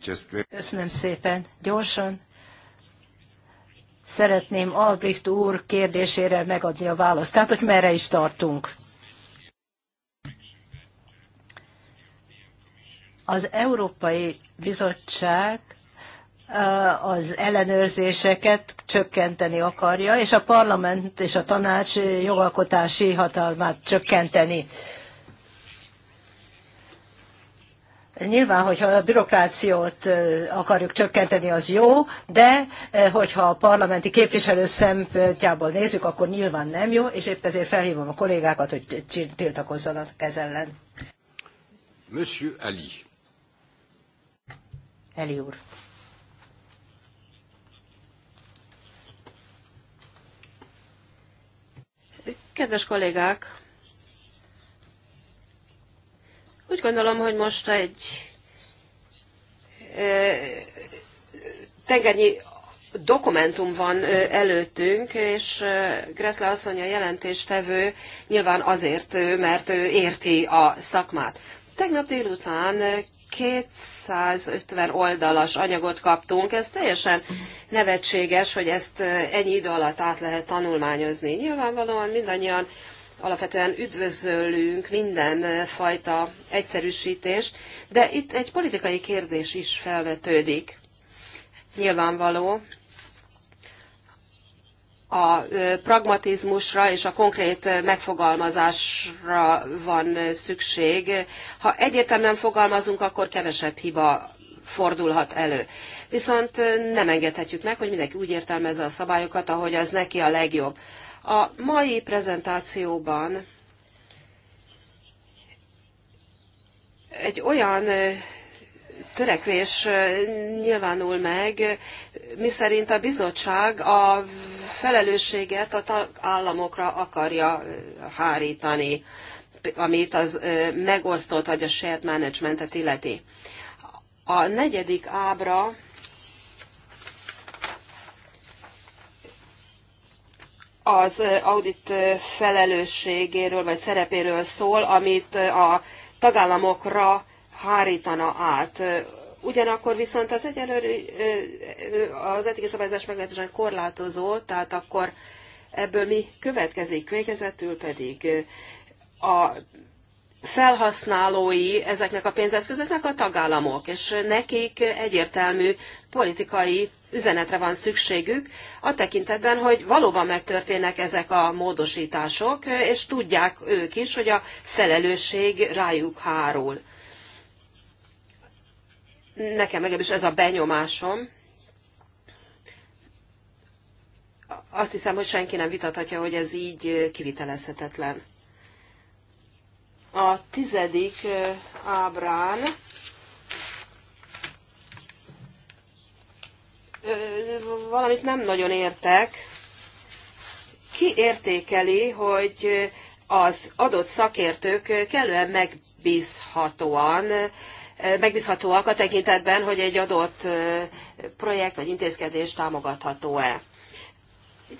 Just... Köszönöm szépen. Gyorsan szeretném Albrecht úr kérdésére megadni a választ. Tehát, hogy merre is tartunk. Az Európai Bizottság az ellenőrzéseket csökkenteni akarja, és a parlament és a tanács jogalkotási hatalmát csökkenteni Nyilván, hogyha a bürokrációt akarjuk csökkenteni, az jó, de hogyha a parlamenti képviselő szempontjából nézzük, akkor nyilván nem jó, és épp ezért felhívom a kollégákat, hogy tiltakozzanak ez ellen. Monsieur Ali. Eli úr. Kedves kollégák, Úgy gondolom, hogy most egy tengernyi dokumentum van előttünk, és Greszle asszony a jelentéstevő nyilván azért, mert ő érti a szakmát. Tegnap délután 250 oldalas anyagot kaptunk, ez teljesen nevetséges, hogy ezt ennyi idő alatt át lehet tanulmányozni. Nyilvánvalóan mindannyian alapvetően üdvözölünk minden eh, fajta egyszerűsítést, de itt egy politikai kérdés is felvetődik. Nyilvánvaló, a eh, pragmatizmusra és a konkrét eh, megfogalmazásra van szükség. Ha egyértelműen fogalmazunk, akkor kevesebb hiba fordulhat elő. Viszont nem engedhetjük meg, hogy mindenki úgy értelmezze a szabályokat, ahogy az neki a legjobb. A mai prezentációban egy olyan törekvés nyilvánul meg, miszerint a bizottság a felelősséget a tagállamokra akarja hárítani, amit az megosztott vagy a shared managementet illeti. A negyedik ábra az audit felelősségéről vagy szerepéről szól, amit a tagállamokra hárítana át. Ugyanakkor viszont az egyelőre az etikai szabályozás meglehetősen korlátozó, tehát akkor ebből mi következik? Végezetül pedig a felhasználói ezeknek a pénzeszközöknek a tagállamok, és nekik egyértelmű politikai üzenetre van szükségük, a tekintetben, hogy valóban megtörténnek ezek a módosítások, és tudják ők is, hogy a felelősség rájuk hárul. Nekem legalábbis ez a benyomásom. Azt hiszem, hogy senki nem vitathatja, hogy ez így kivitelezhetetlen. A tizedik ábrán valamit nem nagyon értek. Ki értékeli, hogy az adott szakértők kellően megbízhatóan, megbízhatóak a tekintetben, hogy egy adott projekt vagy intézkedés támogatható-e.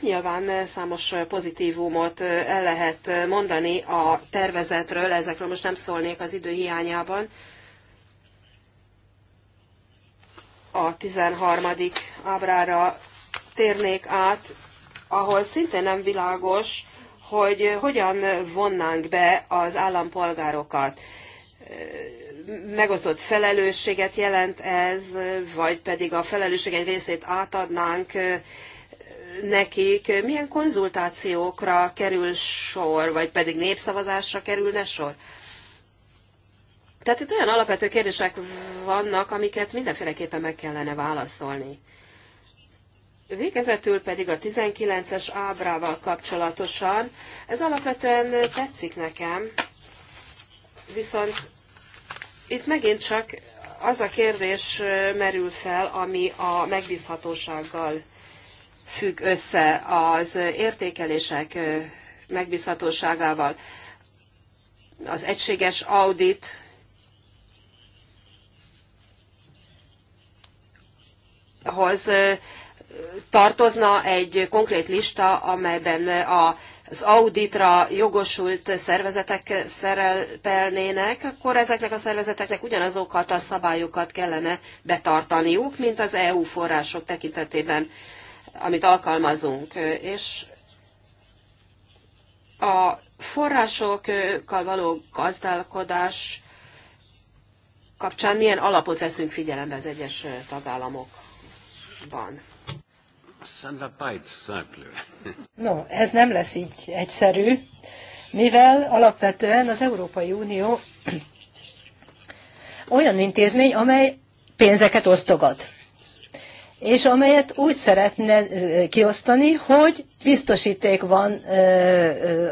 Nyilván számos pozitívumot el lehet mondani a tervezetről, ezekről most nem szólnék az idő hiányában. a 13. ábrára térnék át, ahol szintén nem világos, hogy hogyan vonnánk be az állampolgárokat. Megosztott felelősséget jelent ez, vagy pedig a felelősség egy részét átadnánk nekik. Milyen konzultációkra kerül sor, vagy pedig népszavazásra kerülne sor? Tehát itt olyan alapvető kérdések vannak, amiket mindenféleképpen meg kellene válaszolni. Végezetül pedig a 19-es ábrával kapcsolatosan. Ez alapvetően tetszik nekem, viszont itt megint csak az a kérdés merül fel, ami a megbízhatósággal függ össze az értékelések megbízhatóságával. Az egységes audit hoz tartozna egy konkrét lista, amelyben az auditra jogosult szervezetek szerepelnének, akkor ezeknek a szervezeteknek ugyanazokat a szabályokat kellene betartaniuk, mint az EU források tekintetében, amit alkalmazunk. És a forrásokkal való gazdálkodás kapcsán milyen alapot veszünk figyelembe az egyes tagállamok van. No, ez nem lesz így egyszerű, mivel alapvetően az Európai Unió olyan intézmény, amely pénzeket osztogat és amelyet úgy szeretne kiosztani, hogy biztosíték van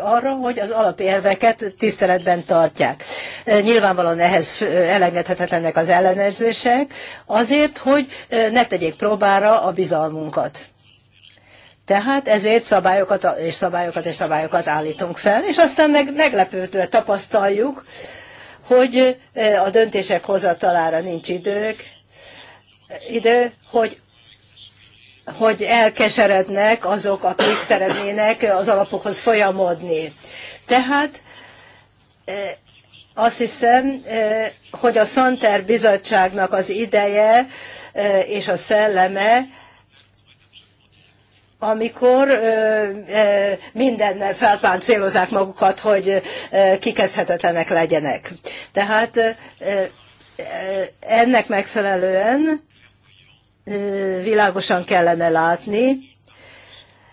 arra, hogy az alapelveket tiszteletben tartják. Nyilvánvalóan ehhez elengedhetetlenek az ellenőrzések, azért, hogy ne tegyék próbára a bizalmunkat. Tehát ezért szabályokat és szabályokat és szabályokat állítunk fel, és aztán meg meglepődve tapasztaljuk, hogy a döntések hozatalára nincs idők, idő, hogy hogy elkeserednek azok, akik szeretnének az alapokhoz folyamodni. Tehát e, azt hiszem, e, hogy a Szanter Bizottságnak az ideje e, és a szelleme, amikor mindennel felpáncélozzák magukat, hogy kikezdhetetlenek legyenek. Tehát ennek megfelelően világosan kellene látni,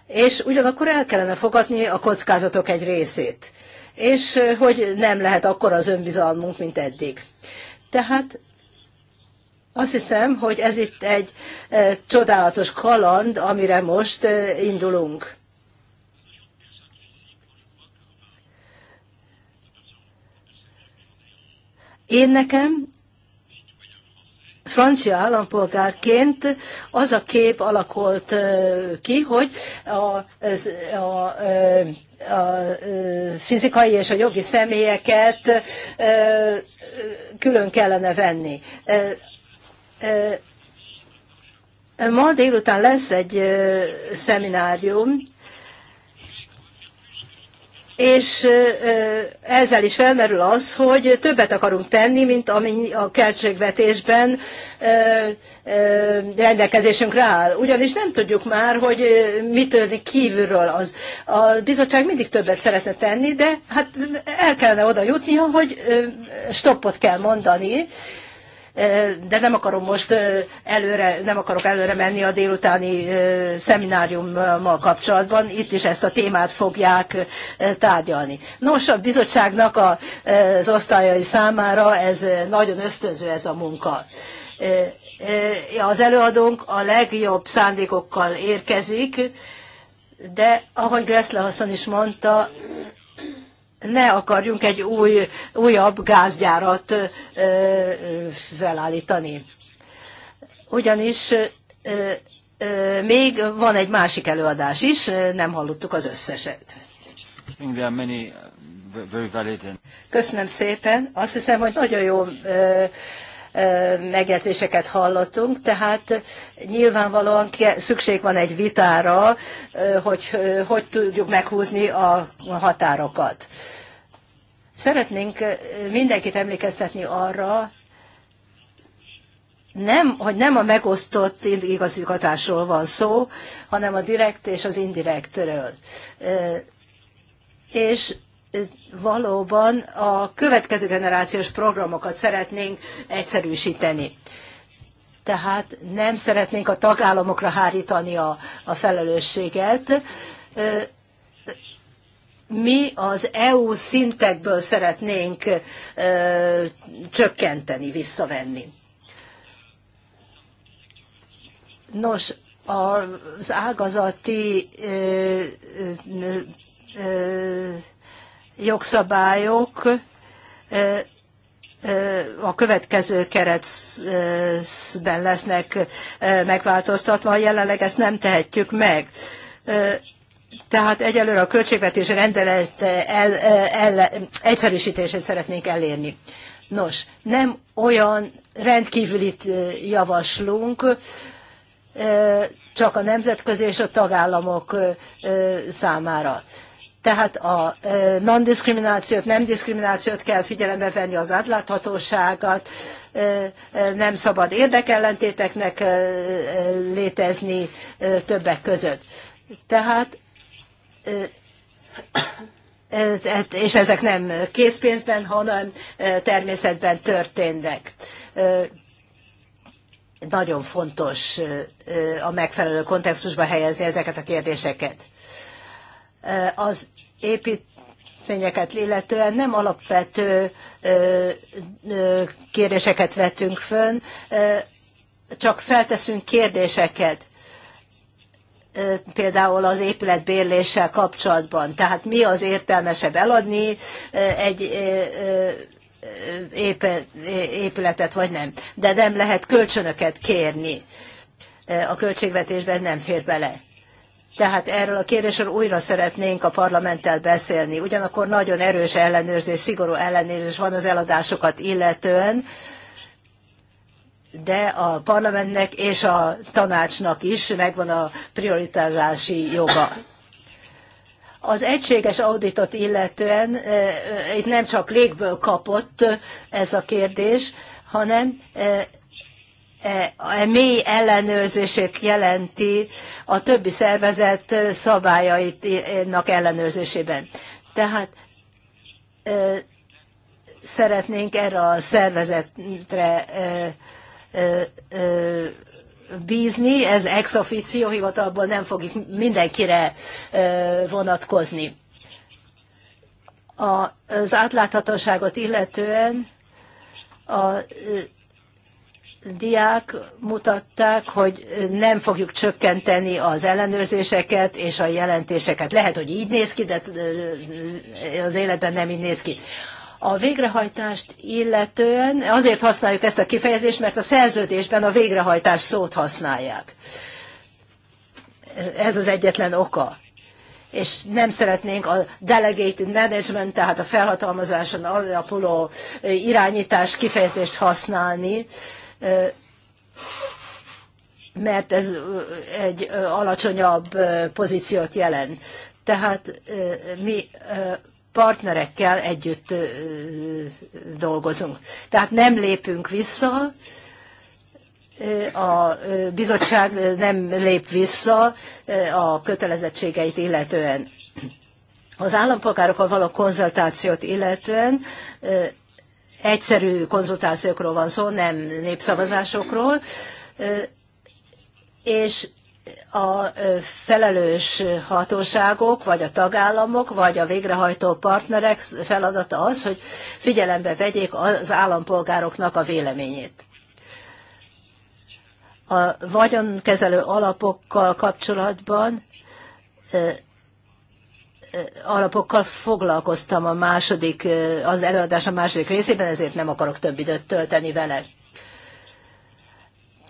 és ugyanakkor el kellene fogadni a kockázatok egy részét, és hogy nem lehet akkor az önbizalmunk, mint eddig. Tehát azt hiszem, hogy ez itt egy csodálatos kaland, amire most indulunk. Én nekem francia állampolgárként az a kép alakult ki, hogy a, a, a fizikai és a jogi személyeket külön kellene venni. Ma délután lesz egy szeminárium, és ezzel is felmerül az, hogy többet akarunk tenni, mint ami a költségvetésben rendelkezésünkre áll. Ugyanis nem tudjuk már, hogy mi történik kívülről az. A bizottság mindig többet szeretne tenni, de hát el kellene oda jutnia, hogy stoppot kell mondani, de nem akarom most előre, nem akarok előre menni a délutáni szemináriummal kapcsolatban, itt is ezt a témát fogják tárgyalni. Nos, a bizottságnak az osztályai számára ez nagyon ösztönző ez a munka az előadónk a legjobb szándékokkal érkezik, de ahogy Gressle is mondta, ne akarjunk egy új, újabb gázgyárat felállítani. Ugyanis még van egy másik előadás is, nem hallottuk az összeset. Uh, Köszönöm szépen. Azt hiszem, hogy nagyon jó megjegyzéseket hallottunk, tehát nyilvánvalóan szükség van egy vitára, hogy hogy tudjuk meghúzni a határokat. Szeretnénk mindenkit emlékeztetni arra, nem, hogy nem a megosztott igazgatásról van szó, hanem a direkt és az indirektről. És valóban a következő generációs programokat szeretnénk egyszerűsíteni. Tehát nem szeretnénk a tagállamokra hárítani a, a felelősséget. Mi az EU szintekből szeretnénk ö, csökkenteni, visszavenni. Nos, az ágazati ö, ö, jogszabályok a következő keretben lesznek megváltoztatva, ha jelenleg ezt nem tehetjük meg. Tehát egyelőre a költségvetés rendelet el, el, egyszerűsítését szeretnénk elérni. Nos, nem olyan rendkívülit javaslunk, csak a nemzetközi és a tagállamok számára. Tehát a non-diszkriminációt, nem diszkriminációt kell figyelembe venni, az átláthatóságot, nem szabad érdekellentéteknek létezni többek között. Tehát hát, és ezek nem készpénzben, hanem természetben történnek. Nagyon fontos a megfelelő kontextusba helyezni ezeket a kérdéseket az építményeket illetően nem alapvető kérdéseket vetünk fönn, csak felteszünk kérdéseket például az épületbérléssel kapcsolatban. Tehát mi az értelmesebb eladni egy épületet, vagy nem. De nem lehet kölcsönöket kérni. A költségvetésben nem fér bele. Tehát erről a kérdésről újra szeretnénk a parlamenttel beszélni. Ugyanakkor nagyon erős ellenőrzés, szigorú ellenőrzés van az eladásokat illetően, de a parlamentnek és a tanácsnak is megvan a prioritázási joga. Az egységes auditot illetően eh, eh, itt nem csak légből kapott ez a kérdés, hanem eh, E, a mély ellenőrzését jelenti a többi szervezet szabályainak ellenőrzésében. Tehát e, szeretnénk erre a szervezetre e, bízni, ez ex officio hivatalból nem fog mindenkire vonatkozni. Az átláthatóságot illetően a diák mutatták, hogy nem fogjuk csökkenteni az ellenőrzéseket és a jelentéseket. Lehet, hogy így néz ki, de az életben nem így néz ki. A végrehajtást illetően azért használjuk ezt a kifejezést, mert a szerződésben a végrehajtás szót használják. Ez az egyetlen oka és nem szeretnénk a delegated management, tehát a felhatalmazáson alapuló irányítás kifejezést használni, mert ez egy alacsonyabb pozíciót jelent. Tehát mi partnerekkel együtt dolgozunk. Tehát nem lépünk vissza, a bizottság nem lép vissza a kötelezettségeit illetően. Az állampolgárokkal való konzultációt illetően egyszerű konzultációkról van szó, nem népszavazásokról, és a felelős hatóságok, vagy a tagállamok, vagy a végrehajtó partnerek feladata az, hogy figyelembe vegyék az állampolgároknak a véleményét. A vagyonkezelő alapokkal kapcsolatban alapokkal foglalkoztam a második, az előadás a második részében, ezért nem akarok több időt tölteni vele.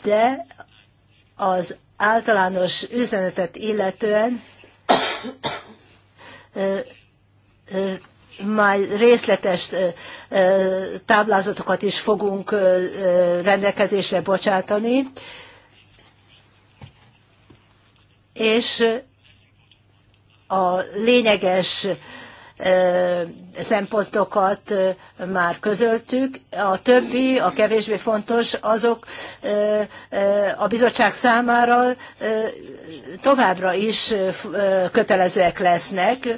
De az általános üzenetet illetően már részletes táblázatokat is fogunk rendelkezésre bocsátani, és a lényeges szempontokat már közöltük, a többi, a kevésbé fontos, azok a bizottság számára továbbra is kötelezőek lesznek,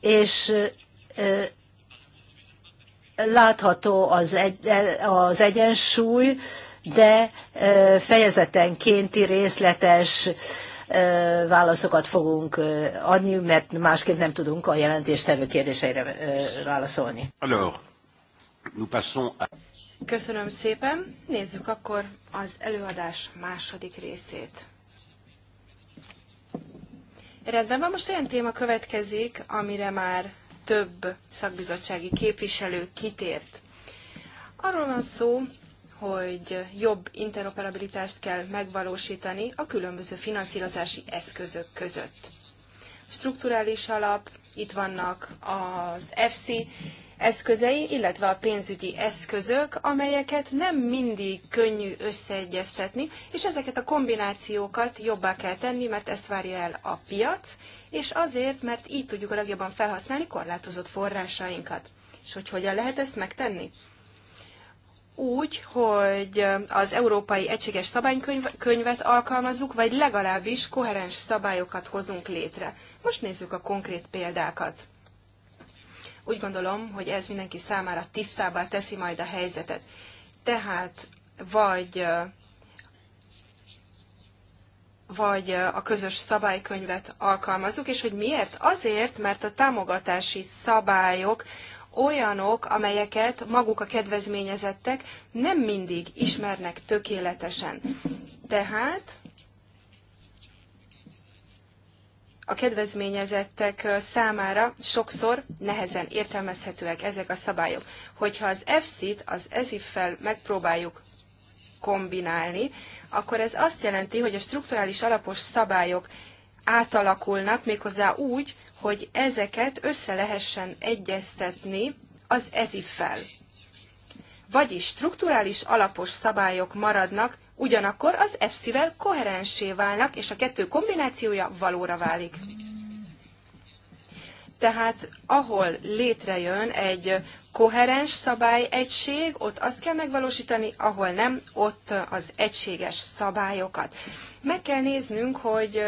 és látható az, egy, az egyensúly, de fejezetenkénti részletes válaszokat fogunk adni, mert másképp nem tudunk a jelentéstevő kérdéseire válaszolni. Köszönöm szépen. Nézzük akkor az előadás második részét. Rendben van, most olyan téma következik, amire már több szakbizottsági képviselő kitért. Arról van szó, hogy jobb interoperabilitást kell megvalósítani a különböző finanszírozási eszközök között. Strukturális alap, itt vannak az FC eszközei, illetve a pénzügyi eszközök, amelyeket nem mindig könnyű összeegyeztetni, és ezeket a kombinációkat jobbá kell tenni, mert ezt várja el a piac, és azért, mert így tudjuk a legjobban felhasználni korlátozott forrásainkat. És hogy hogyan lehet ezt megtenni? úgy, hogy az Európai Egységes Szabálykönyvet alkalmazzuk, vagy legalábbis koherens szabályokat hozunk létre. Most nézzük a konkrét példákat. Úgy gondolom, hogy ez mindenki számára tisztábbá teszi majd a helyzetet. Tehát vagy vagy a közös szabálykönyvet alkalmazzuk, és hogy miért? Azért, mert a támogatási szabályok olyanok, amelyeket maguk a kedvezményezettek nem mindig ismernek tökéletesen. Tehát a kedvezményezettek számára sokszor nehezen értelmezhetőek ezek a szabályok. Hogyha az EFSZ-t az EZIF-fel megpróbáljuk kombinálni, akkor ez azt jelenti, hogy a strukturális alapos szabályok átalakulnak méghozzá úgy, hogy ezeket össze lehessen egyeztetni az ezifel, Vagyis strukturális alapos szabályok maradnak, ugyanakkor az EFSZ-vel koherensé válnak, és a kettő kombinációja valóra válik. Tehát ahol létrejön egy koherens szabályegység, ott azt kell megvalósítani, ahol nem, ott az egységes szabályokat. Meg kell néznünk, hogy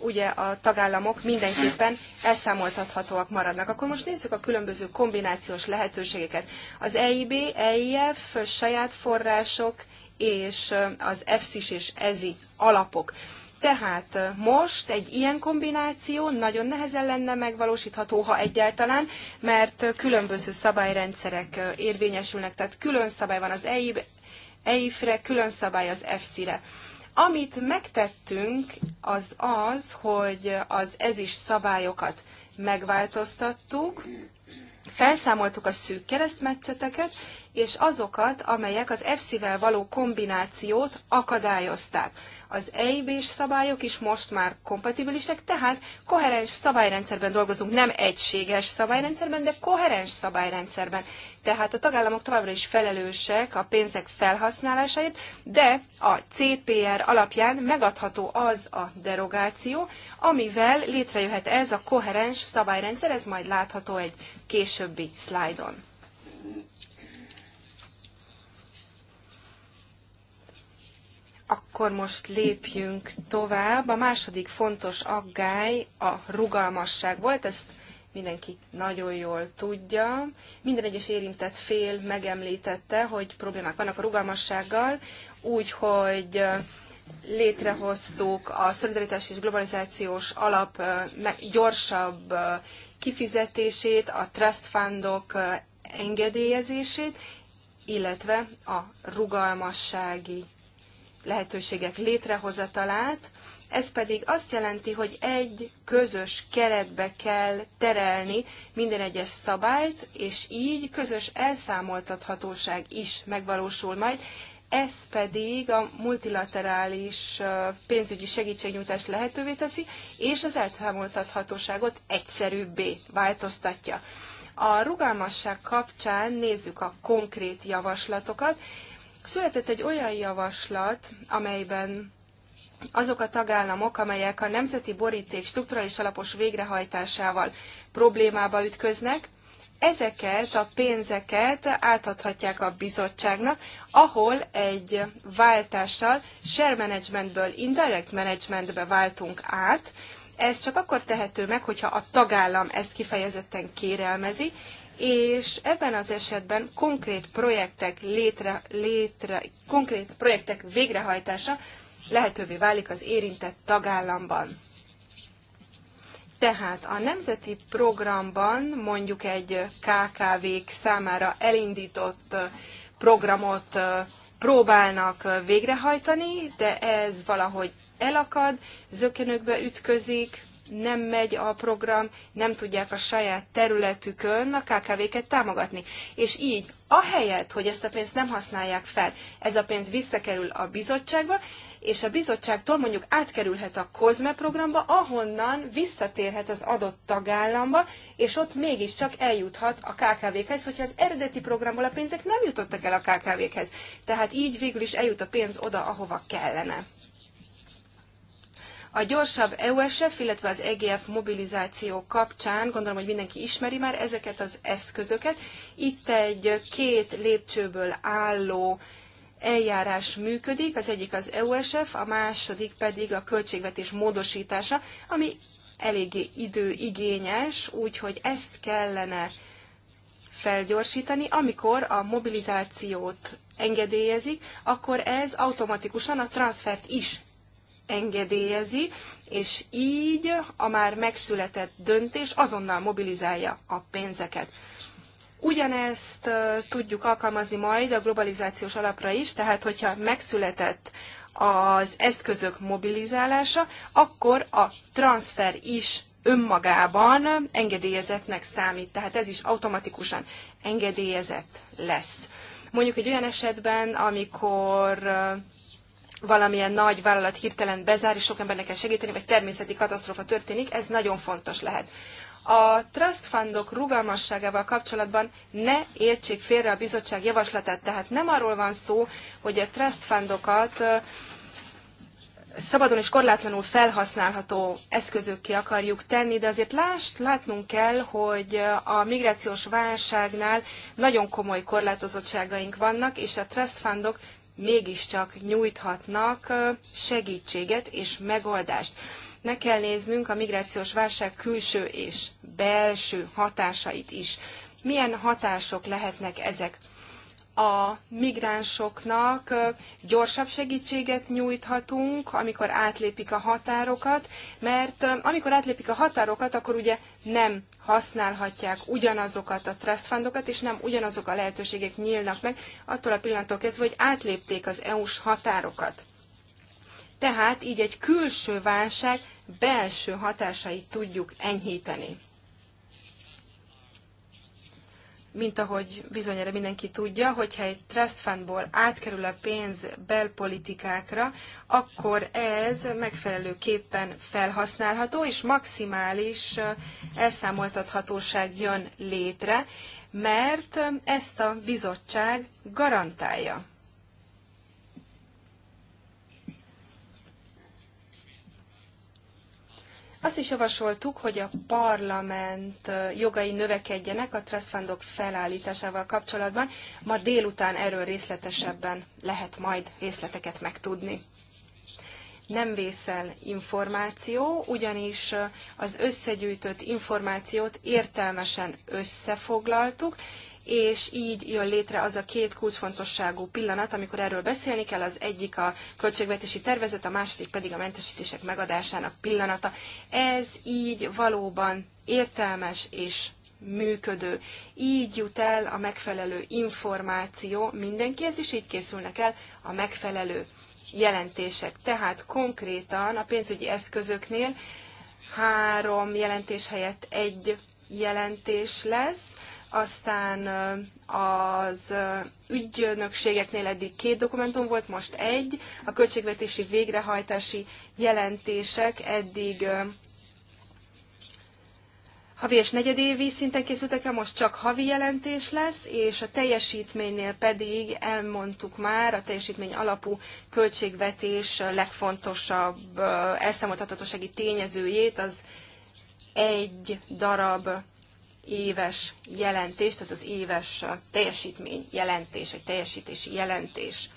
ugye a tagállamok mindenképpen elszámoltathatóak maradnak. Akkor most nézzük a különböző kombinációs lehetőségeket. Az EIB, EIF, saját források és az EFSIS és EZI alapok. Tehát most egy ilyen kombináció nagyon nehezen lenne megvalósítható, ha egyáltalán, mert különböző szabályrendszerek érvényesülnek, tehát külön szabály van az EIB, EIF-re, külön szabály az EFSI-re. Amit megtettünk, az az, hogy az ez is szabályokat megváltoztattuk, felszámoltuk a szűk keresztmetszeteket, és azokat, amelyek az EFSI-vel való kombinációt akadályozták. Az EIB-s szabályok is most már kompatibilisek, tehát koherens szabályrendszerben dolgozunk, nem egységes szabályrendszerben, de koherens szabályrendszerben. Tehát a tagállamok továbbra is felelősek a pénzek felhasználásáért, de a CPR alapján megadható az a derogáció, amivel létrejöhet ez a koherens szabályrendszer, ez majd látható egy későbbi szlájdon. Akkor most lépjünk tovább. A második fontos aggály a rugalmasság volt, ezt mindenki nagyon jól tudja. Minden egyes érintett fél megemlítette, hogy problémák vannak a rugalmassággal, úgyhogy létrehoztuk a szolidaritás és globalizációs alap gyorsabb kifizetését, a trust fundok engedélyezését, illetve a rugalmassági lehetőségek létrehozatalát, ez pedig azt jelenti, hogy egy közös keretbe kell terelni minden egyes szabályt, és így közös elszámoltathatóság is megvalósul majd. Ez pedig a multilaterális pénzügyi segítségnyújtás lehetővé teszi, és az elszámoltathatóságot egyszerűbbé változtatja. A rugalmasság kapcsán nézzük a konkrét javaslatokat, Született egy olyan javaslat, amelyben azok a tagállamok, amelyek a nemzeti boríték strukturális alapos végrehajtásával problémába ütköznek, ezeket a pénzeket átadhatják a bizottságnak, ahol egy váltással share managementből indirect managementbe váltunk át. Ez csak akkor tehető meg, hogyha a tagállam ezt kifejezetten kérelmezi, és ebben az esetben konkrét projektek létre, létre konkrét projektek végrehajtása lehetővé válik az érintett tagállamban. Tehát a nemzeti programban mondjuk egy KKV-k számára elindított programot próbálnak végrehajtani, de ez valahogy elakad, zökenőkbe ütközik, nem megy a program, nem tudják a saját területükön a KKV-ket támogatni. És így, ahelyett, hogy ezt a pénzt nem használják fel, ez a pénz visszakerül a bizottságba, és a bizottságtól mondjuk átkerülhet a COSME programba, ahonnan visszatérhet az adott tagállamba, és ott mégiscsak eljuthat a KKV-khez, hogyha az eredeti programból a pénzek nem jutottak el a KKV-khez. Tehát így végül is eljut a pénz oda, ahova kellene. A gyorsabb EUSF, illetve az EGF mobilizáció kapcsán, gondolom, hogy mindenki ismeri már ezeket az eszközöket. Itt egy két lépcsőből álló eljárás működik, az egyik az EUSF, a második pedig a költségvetés módosítása, ami eléggé időigényes, úgyhogy ezt kellene felgyorsítani, amikor a mobilizációt engedélyezik, akkor ez automatikusan a transfert is engedélyezi, és így a már megszületett döntés azonnal mobilizálja a pénzeket. Ugyanezt tudjuk alkalmazni majd a globalizációs alapra is, tehát hogyha megszületett az eszközök mobilizálása, akkor a transfer is önmagában engedélyezettnek számít, tehát ez is automatikusan engedélyezett lesz. Mondjuk egy olyan esetben, amikor valamilyen nagy vállalat hirtelen bezár, és sok embernek kell segíteni, vagy természeti katasztrófa történik, ez nagyon fontos lehet. A trust fundok rugalmasságával kapcsolatban ne értsék félre a bizottság javaslatát, tehát nem arról van szó, hogy a trust fundokat szabadon és korlátlanul felhasználható eszközökké akarjuk tenni, de azért lást, látnunk kell, hogy a migrációs válságnál nagyon komoly korlátozottságaink vannak, és a trust fundok mégiscsak nyújthatnak segítséget és megoldást. Meg kell néznünk a migrációs válság külső és belső hatásait is. Milyen hatások lehetnek ezek? a migránsoknak gyorsabb segítséget nyújthatunk, amikor átlépik a határokat, mert amikor átlépik a határokat, akkor ugye nem használhatják ugyanazokat a trust fundokat, és nem ugyanazok a lehetőségek nyílnak meg attól a pillanattól kezdve, hogy átlépték az EU-s határokat. Tehát így egy külső válság belső hatásait tudjuk enyhíteni mint ahogy bizonyára mindenki tudja, hogyha egy trust fundból átkerül a pénz belpolitikákra, akkor ez megfelelőképpen felhasználható, és maximális elszámoltathatóság jön létre, mert ezt a bizottság garantálja. Azt is javasoltuk, hogy a parlament jogai növekedjenek a trust fundok felállításával kapcsolatban. Ma délután erről részletesebben lehet majd részleteket megtudni nem vészel információ, ugyanis az összegyűjtött információt értelmesen összefoglaltuk, és így jön létre az a két kulcsfontosságú pillanat, amikor erről beszélni kell, az egyik a költségvetési tervezet, a második pedig a mentesítések megadásának pillanata. Ez így valóban értelmes és működő. Így jut el a megfelelő információ mindenkihez, és így készülnek el a megfelelő jelentések. Tehát konkrétan a pénzügyi eszközöknél három jelentés helyett egy jelentés lesz, aztán az ügynökségeknél eddig két dokumentum volt, most egy, a költségvetési végrehajtási jelentések eddig havi és negyedévi szinten készültek el, most csak havi jelentés lesz, és a teljesítménynél pedig elmondtuk már a teljesítmény alapú költségvetés legfontosabb elszámoltathatósági tényezőjét, az egy darab éves jelentést, ez az éves teljesítmény jelentés, vagy teljesítési jelentés.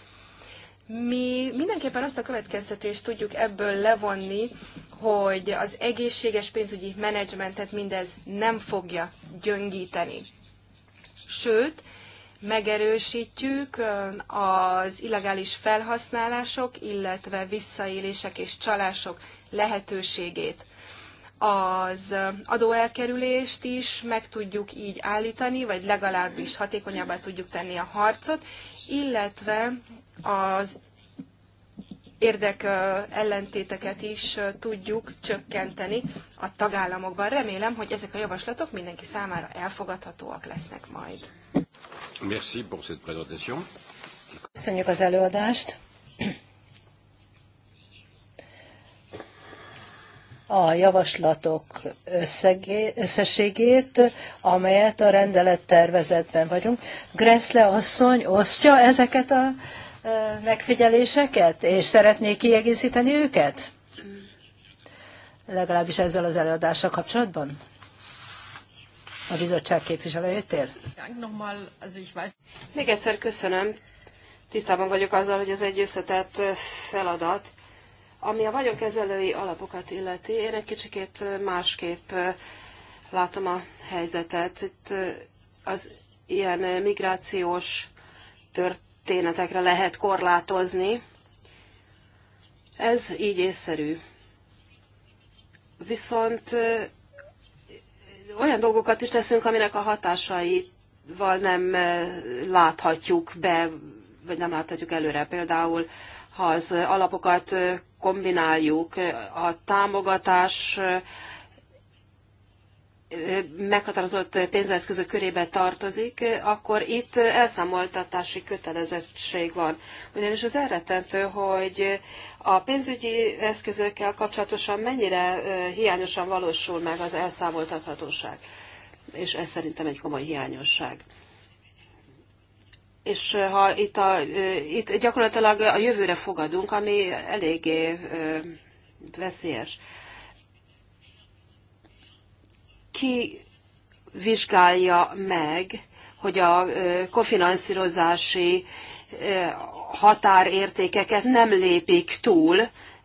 Mi mindenképpen azt a következtetést tudjuk ebből levonni, hogy az egészséges pénzügyi menedzsmentet mindez nem fogja gyöngíteni. Sőt, megerősítjük az illegális felhasználások, illetve visszaélések és csalások lehetőségét az adóelkerülést is meg tudjuk így állítani, vagy legalábbis hatékonyabbá tudjuk tenni a harcot, illetve az érdek ellentéteket is tudjuk csökkenteni a tagállamokban. Remélem, hogy ezek a javaslatok mindenki számára elfogadhatóak lesznek majd. Merci pour cette présentation. Köszönjük az előadást. a javaslatok összegé, összességét, amelyet a rendelettervezetben vagyunk. Gressle asszony osztja ezeket a e, megfigyeléseket, és szeretné kiegészíteni őket? Legalábbis ezzel az előadással kapcsolatban? A bizottság képviselőjétél? Még egyszer köszönöm. Tisztában vagyok azzal, hogy ez egy összetett e, feladat, ami a vagyonkezelői alapokat illeti, én egy kicsikét másképp látom a helyzetet. Itt az ilyen migrációs történetekre lehet korlátozni. Ez így észszerű. Viszont olyan dolgokat is teszünk, aminek a hatásaival nem láthatjuk be, vagy nem láthatjuk előre. Például, ha az alapokat kombináljuk a támogatás meghatározott pénzeszközök körébe tartozik, akkor itt elszámoltatási kötelezettség van. Ugyanis az elrettentő, hogy a pénzügyi eszközökkel kapcsolatosan mennyire hiányosan valósul meg az elszámoltathatóság. És ez szerintem egy komoly hiányosság és ha itt, a, itt gyakorlatilag a jövőre fogadunk, ami eléggé veszélyes. Ki vizsgálja meg, hogy a kofinanszírozási határértékeket nem lépik túl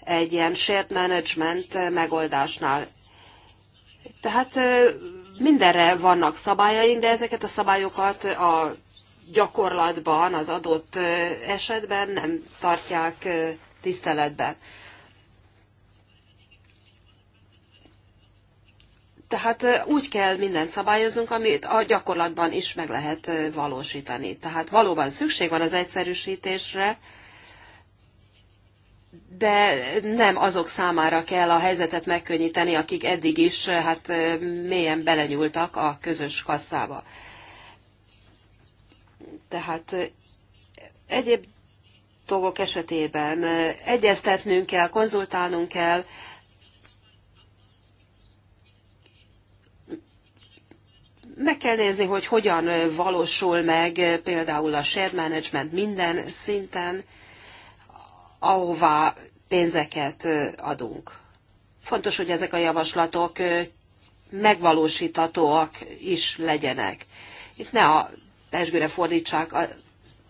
egy ilyen shared management megoldásnál. Tehát mindenre vannak szabályaink, de ezeket a szabályokat a gyakorlatban, az adott esetben nem tartják tiszteletben. Tehát úgy kell mindent szabályoznunk, amit a gyakorlatban is meg lehet valósítani. Tehát valóban szükség van az egyszerűsítésre, de nem azok számára kell a helyzetet megkönnyíteni, akik eddig is hát mélyen belenyúltak a közös kasszába. Tehát egyéb dolgok esetében egyeztetnünk kell, konzultálnunk kell, meg kell nézni, hogy hogyan valósul meg például a share management minden szinten, ahová pénzeket adunk. Fontos, hogy ezek a javaslatok megvalósítatóak is legyenek. Itt ne a pesgőre fordítsák a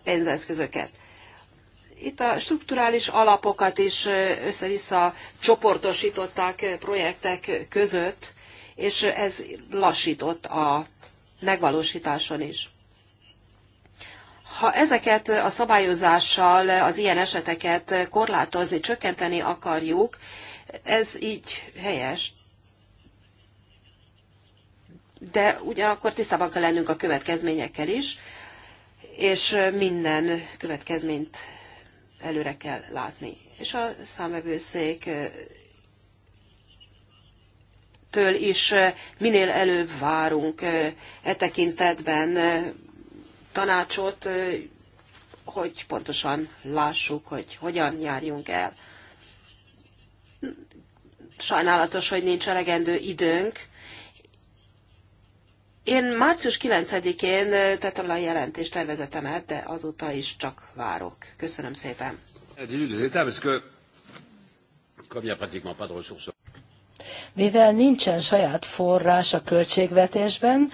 pénzeszközöket. Itt a strukturális alapokat is össze-vissza csoportosították projektek között, és ez lassított a megvalósításon is. Ha ezeket a szabályozással, az ilyen eseteket korlátozni, csökkenteni akarjuk, ez így helyes, de ugyanakkor tisztában kell lennünk a következményekkel is, és minden következményt előre kell látni. És a számvevőszék től is minél előbb várunk e tekintetben tanácsot, hogy pontosan lássuk, hogy hogyan járjunk el. Sajnálatos, hogy nincs elegendő időnk, én március 9-én tettem le a jelentést, el, de azóta is csak várok. Köszönöm szépen. Mivel nincsen saját forrás a költségvetésben,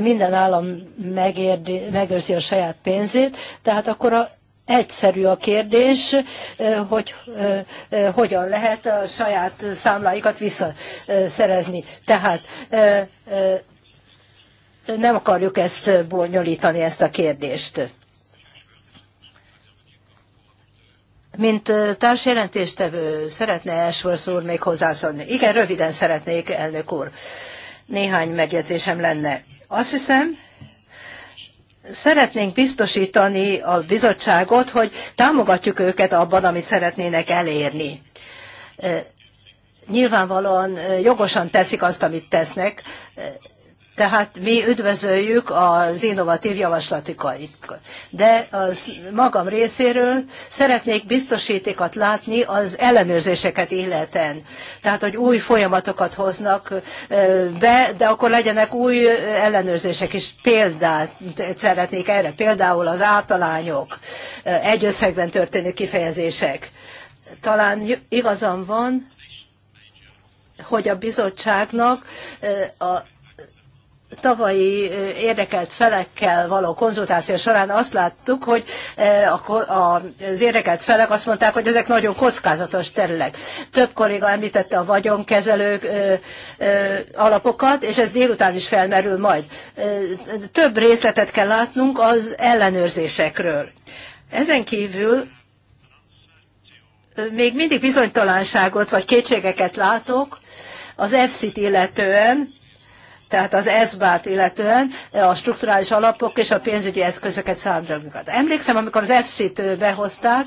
minden állam megérdi, megőrzi a saját pénzét, tehát akkor a egyszerű a kérdés, hogy hogyan lehet a saját számláikat visszaszerezni. Tehát nem akarjuk ezt bonyolítani, ezt a kérdést. Mint társjelentéstevő szeretne Ashworth úr még hozzászólni? Igen, röviden szeretnék, elnök úr. Néhány megjegyzésem lenne. Azt hiszem, Szeretnénk biztosítani a bizottságot, hogy támogatjuk őket abban, amit szeretnének elérni. Nyilvánvalóan jogosan teszik azt, amit tesznek, tehát mi üdvözöljük az innovatív javaslataikat. De az magam részéről szeretnék biztosítékat látni az ellenőrzéseket illeten. Tehát, hogy új folyamatokat hoznak be, de akkor legyenek új ellenőrzések is. Példát szeretnék erre, például az általányok, egy összegben történő kifejezések. Talán igazam van, hogy a bizottságnak a tavalyi érdekelt felekkel való konzultáció során azt láttuk, hogy az érdekelt felek azt mondták, hogy ezek nagyon kockázatos terület. Több kolléga említette a vagyonkezelők alapokat, és ez délután is felmerül majd. Több részletet kell látnunk az ellenőrzésekről. Ezen kívül még mindig bizonytalanságot vagy kétségeket látok az EFSZ-t illetően, tehát az ESBÁT illetően a strukturális alapok és a pénzügyi eszközöket számra. Emlékszem, amikor az EFSZ-t behozták,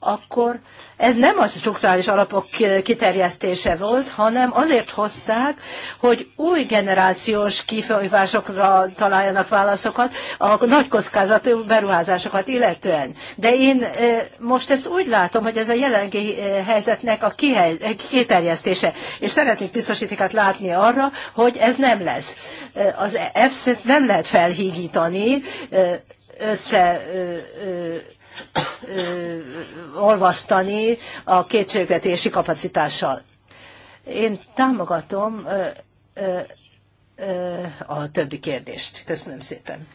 akkor ez nem a strukturális alapok kiterjesztése volt, hanem azért hozták, hogy új generációs kihívásokra találjanak válaszokat, a nagy kockázatú beruházásokat illetően. De én e, most ezt úgy látom, hogy ez a jelenlegi e, helyzetnek a kiterjesztése, és szeretnék biztosítékat látni arra, hogy ez nem lesz. E, az efsz t nem lehet felhígítani, össze olvasztani a kétségvetési kapacitással. Én támogatom a többi kérdést. Köszönöm szépen.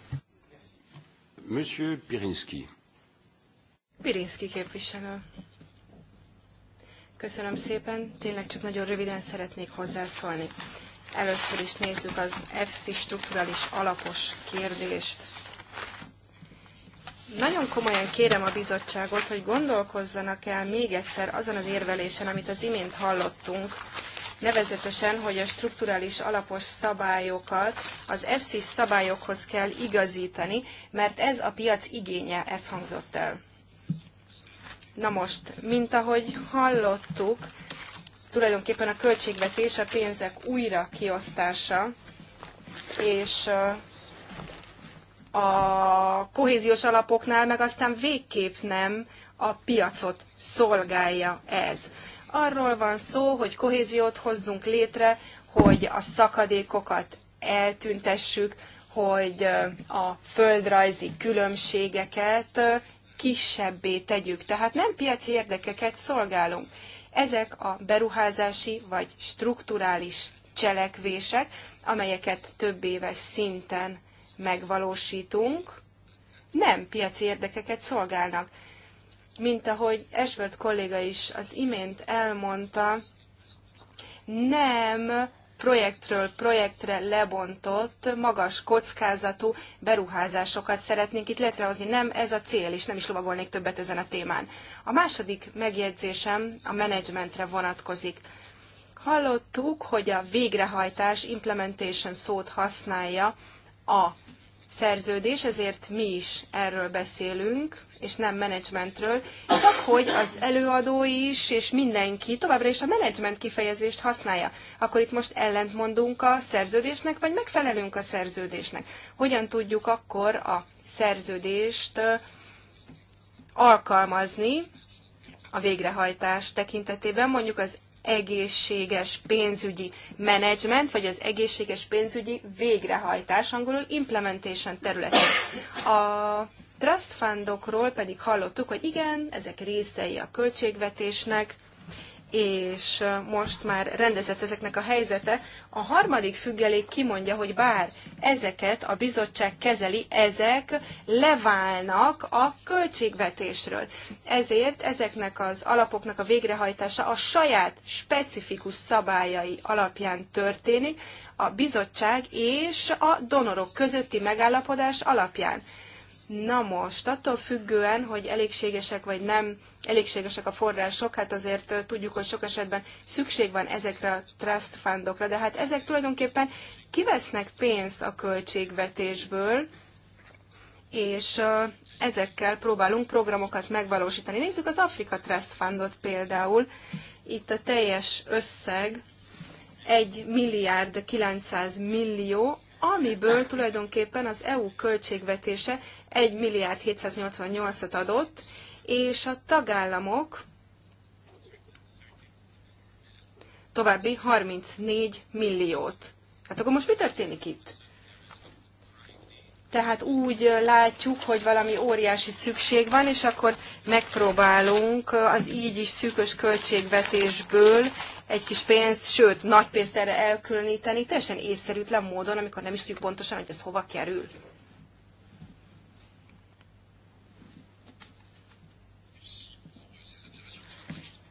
Monsieur Pirinski. Pirinski képviselő. Köszönöm szépen. Tényleg csak nagyon röviden szeretnék hozzászólni. Először is nézzük az EFSI strukturális alapos kérdést. Nagyon komolyan kérem a bizottságot, hogy gondolkozzanak el még egyszer azon az érvelésen, amit az imént hallottunk, nevezetesen, hogy a strukturális alapos szabályokat az EFSI szabályokhoz kell igazítani, mert ez a piac igénye, ez hangzott el. Na most, mint ahogy hallottuk, tulajdonképpen a költségvetés a pénzek újra kiosztása, és a kohéziós alapoknál meg aztán végképp nem a piacot szolgálja ez. Arról van szó, hogy kohéziót hozzunk létre, hogy a szakadékokat eltüntessük, hogy a földrajzi különbségeket kisebbé tegyük. Tehát nem piaci érdekeket szolgálunk. Ezek a beruházási vagy strukturális cselekvések, amelyeket több éves szinten megvalósítunk, nem piaci érdekeket szolgálnak. Mint ahogy Esbert kolléga is az imént elmondta, nem projektről projektre lebontott, magas kockázatú beruházásokat szeretnénk itt létrehozni. Nem ez a cél, és nem is lovagolnék többet ezen a témán. A második megjegyzésem a menedzsmentre vonatkozik. Hallottuk, hogy a végrehajtás, implementation szót használja a szerződés, ezért mi is erről beszélünk, és nem menedzsmentről, csak hogy az előadó is, és mindenki továbbra is a menedzsment kifejezést használja. Akkor itt most ellentmondunk a szerződésnek, vagy megfelelünk a szerződésnek? Hogyan tudjuk akkor a szerződést alkalmazni a végrehajtás tekintetében, mondjuk az egészséges pénzügyi menedzsment, vagy az egészséges pénzügyi végrehajtás, angolul implementation területén. A trust fundokról pedig hallottuk, hogy igen, ezek részei a költségvetésnek, és most már rendezett ezeknek a helyzete. A harmadik függelék kimondja, hogy bár ezeket a bizottság kezeli, ezek leválnak a költségvetésről. Ezért ezeknek az alapoknak a végrehajtása a saját specifikus szabályai alapján történik, a bizottság és a donorok közötti megállapodás alapján. Na most, attól függően, hogy elégségesek vagy nem elégségesek a források, hát azért tudjuk, hogy sok esetben szükség van ezekre a trust fundokra, de hát ezek tulajdonképpen kivesznek pénzt a költségvetésből, és ezekkel próbálunk programokat megvalósítani. Nézzük az Afrika Trust Fundot például. Itt a teljes összeg 1 milliárd 900 millió, amiből tulajdonképpen az EU költségvetése 1 milliárd 788-at adott, és a tagállamok további 34 milliót. Hát akkor most mi történik itt? Tehát úgy látjuk, hogy valami óriási szükség van, és akkor megpróbálunk az így is szűkös költségvetésből egy kis pénzt, sőt, nagy pénzt erre elkülöníteni, teljesen észszerűtlen módon, amikor nem is tudjuk pontosan, hogy ez hova kerül.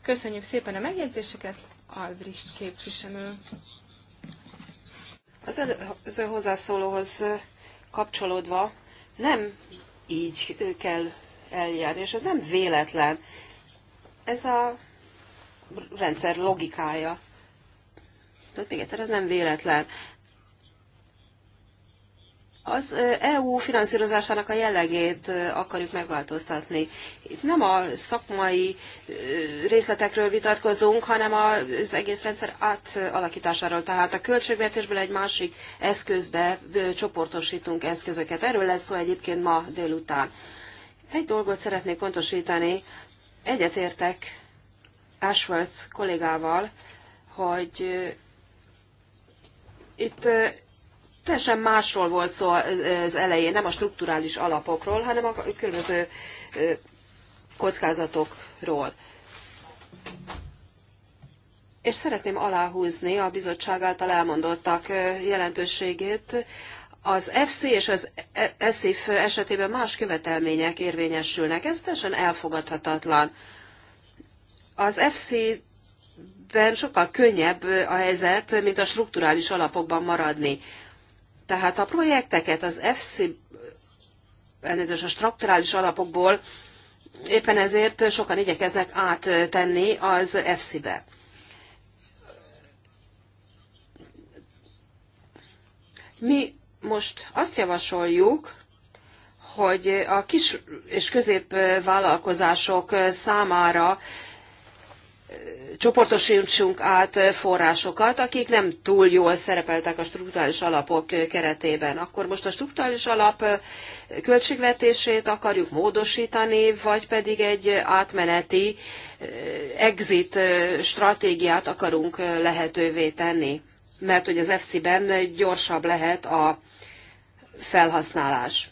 Köszönjük szépen a megjegyzéseket, Albrecht képviselő. Az előző hozzászólóhoz kapcsolódva nem így kell eljárni, és ez nem véletlen. Ez a rendszer logikája. Tehát még egyszer, ez nem véletlen az EU finanszírozásának a jellegét akarjuk megváltoztatni. Itt nem a szakmai részletekről vitatkozunk, hanem az egész rendszer átalakításáról. Tehát a költségvetésből egy másik eszközbe csoportosítunk eszközöket. Erről lesz szó egyébként ma délután. Egy dolgot szeretnék pontosítani. Egyetértek Ashworth kollégával, hogy itt teljesen másról volt szó az elején, nem a strukturális alapokról, hanem a különböző kockázatokról. És szeretném aláhúzni a bizottság által elmondottak jelentőségét. Az FC és az ESIF esetében más követelmények érvényesülnek. Ez teljesen elfogadhatatlan. Az FC ben sokkal könnyebb a helyzet, mint a strukturális alapokban maradni. Tehát a projekteket az FC, elnézős a strukturális alapokból éppen ezért sokan igyekeznek áttenni az FC-be. Mi most azt javasoljuk, hogy a kis és középvállalkozások számára csoportosítsunk át forrásokat, akik nem túl jól szerepeltek a strukturális alapok keretében. Akkor most a strukturális alap költségvetését akarjuk módosítani, vagy pedig egy átmeneti exit stratégiát akarunk lehetővé tenni. Mert hogy az FC-ben gyorsabb lehet a felhasználás.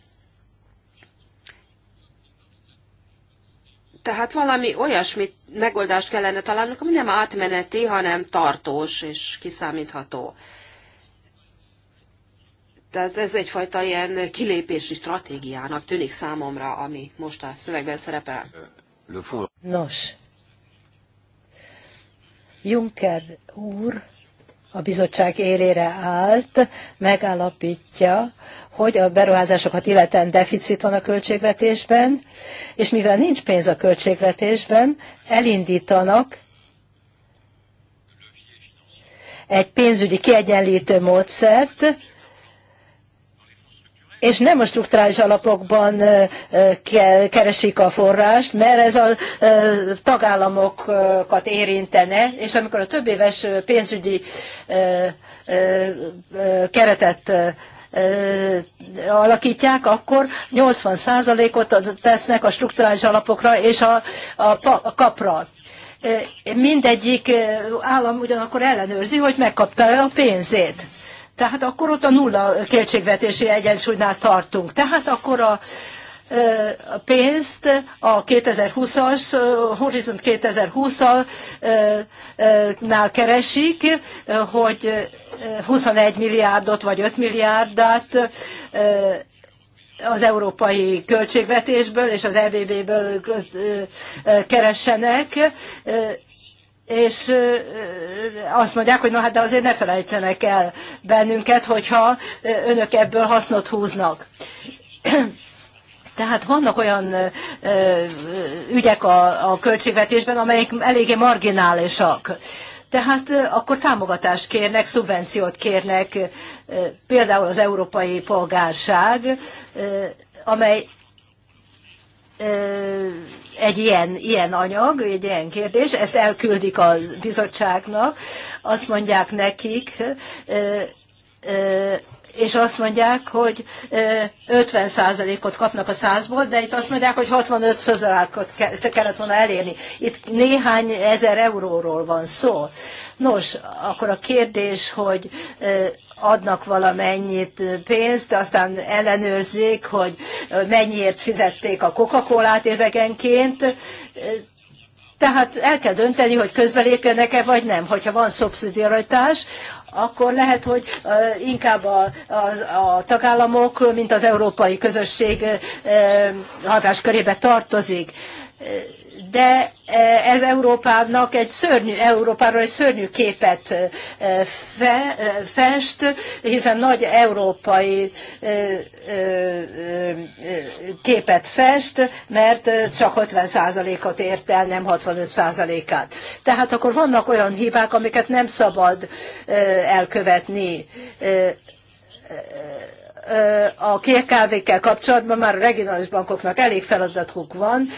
Tehát valami olyasmit megoldást kellene találnunk, ami nem átmeneti, hanem tartós és kiszámítható. Tehát ez egyfajta ilyen kilépési stratégiának tűnik számomra, ami most a szövegben szerepel. Nos, Juncker úr a bizottság élére állt, megállapítja, hogy a beruházásokat illetően deficit van a költségvetésben, és mivel nincs pénz a költségvetésben, elindítanak egy pénzügyi kiegyenlítő módszert, és nem a strukturális alapokban keresik a forrást, mert ez a tagállamokat érintene, és amikor a több éves pénzügyi keretet alakítják, akkor 80%-ot tesznek a strukturális alapokra és a, a, a kapra mindegyik állam ugyanakkor ellenőrzi, hogy megkapta-e a pénzét. Tehát akkor ott a nulla költségvetési egyensúlynál tartunk. Tehát akkor a, a pénzt a 2020-as, Horizont 2020-nál keresik, hogy 21 milliárdot vagy 5 milliárdát az európai költségvetésből és az EBB-ből keressenek, és azt mondják, hogy na hát de azért ne felejtsenek el bennünket, hogyha önök ebből hasznot húznak. Tehát vannak olyan ügyek a, a költségvetésben, amelyek eléggé marginálisak. Tehát akkor támogatást kérnek, szubvenciót kérnek, például az európai polgárság, amely egy ilyen, ilyen anyag, egy ilyen kérdés, ezt elküldik a bizottságnak, azt mondják nekik, és azt mondják, hogy 50%-ot kapnak a 100 de itt azt mondják, hogy 65%-ot kellett volna elérni. Itt néhány ezer euróról van szó. Nos, akkor a kérdés, hogy adnak valamennyit pénzt, aztán ellenőrzik, hogy mennyiért fizették a Coca-Colát évekenként. Tehát el kell dönteni, hogy közbelépjenek-e vagy nem. Hogyha van szubszidiaritás, akkor lehet, hogy inkább a, a, a tagállamok, mint az európai közösség hatáskörébe tartozik de e, ez Európának egy szörnyű, Európáról egy szörnyű képet e, fe, e, fest, hiszen nagy európai képet fest, mert csak 50 ot ért el, nem 65%-át. Tehát akkor vannak olyan hibák, amiket nem szabad elkövetni a KKV-kkel kapcsolatban már a regionális bankoknak elég feladatuk van,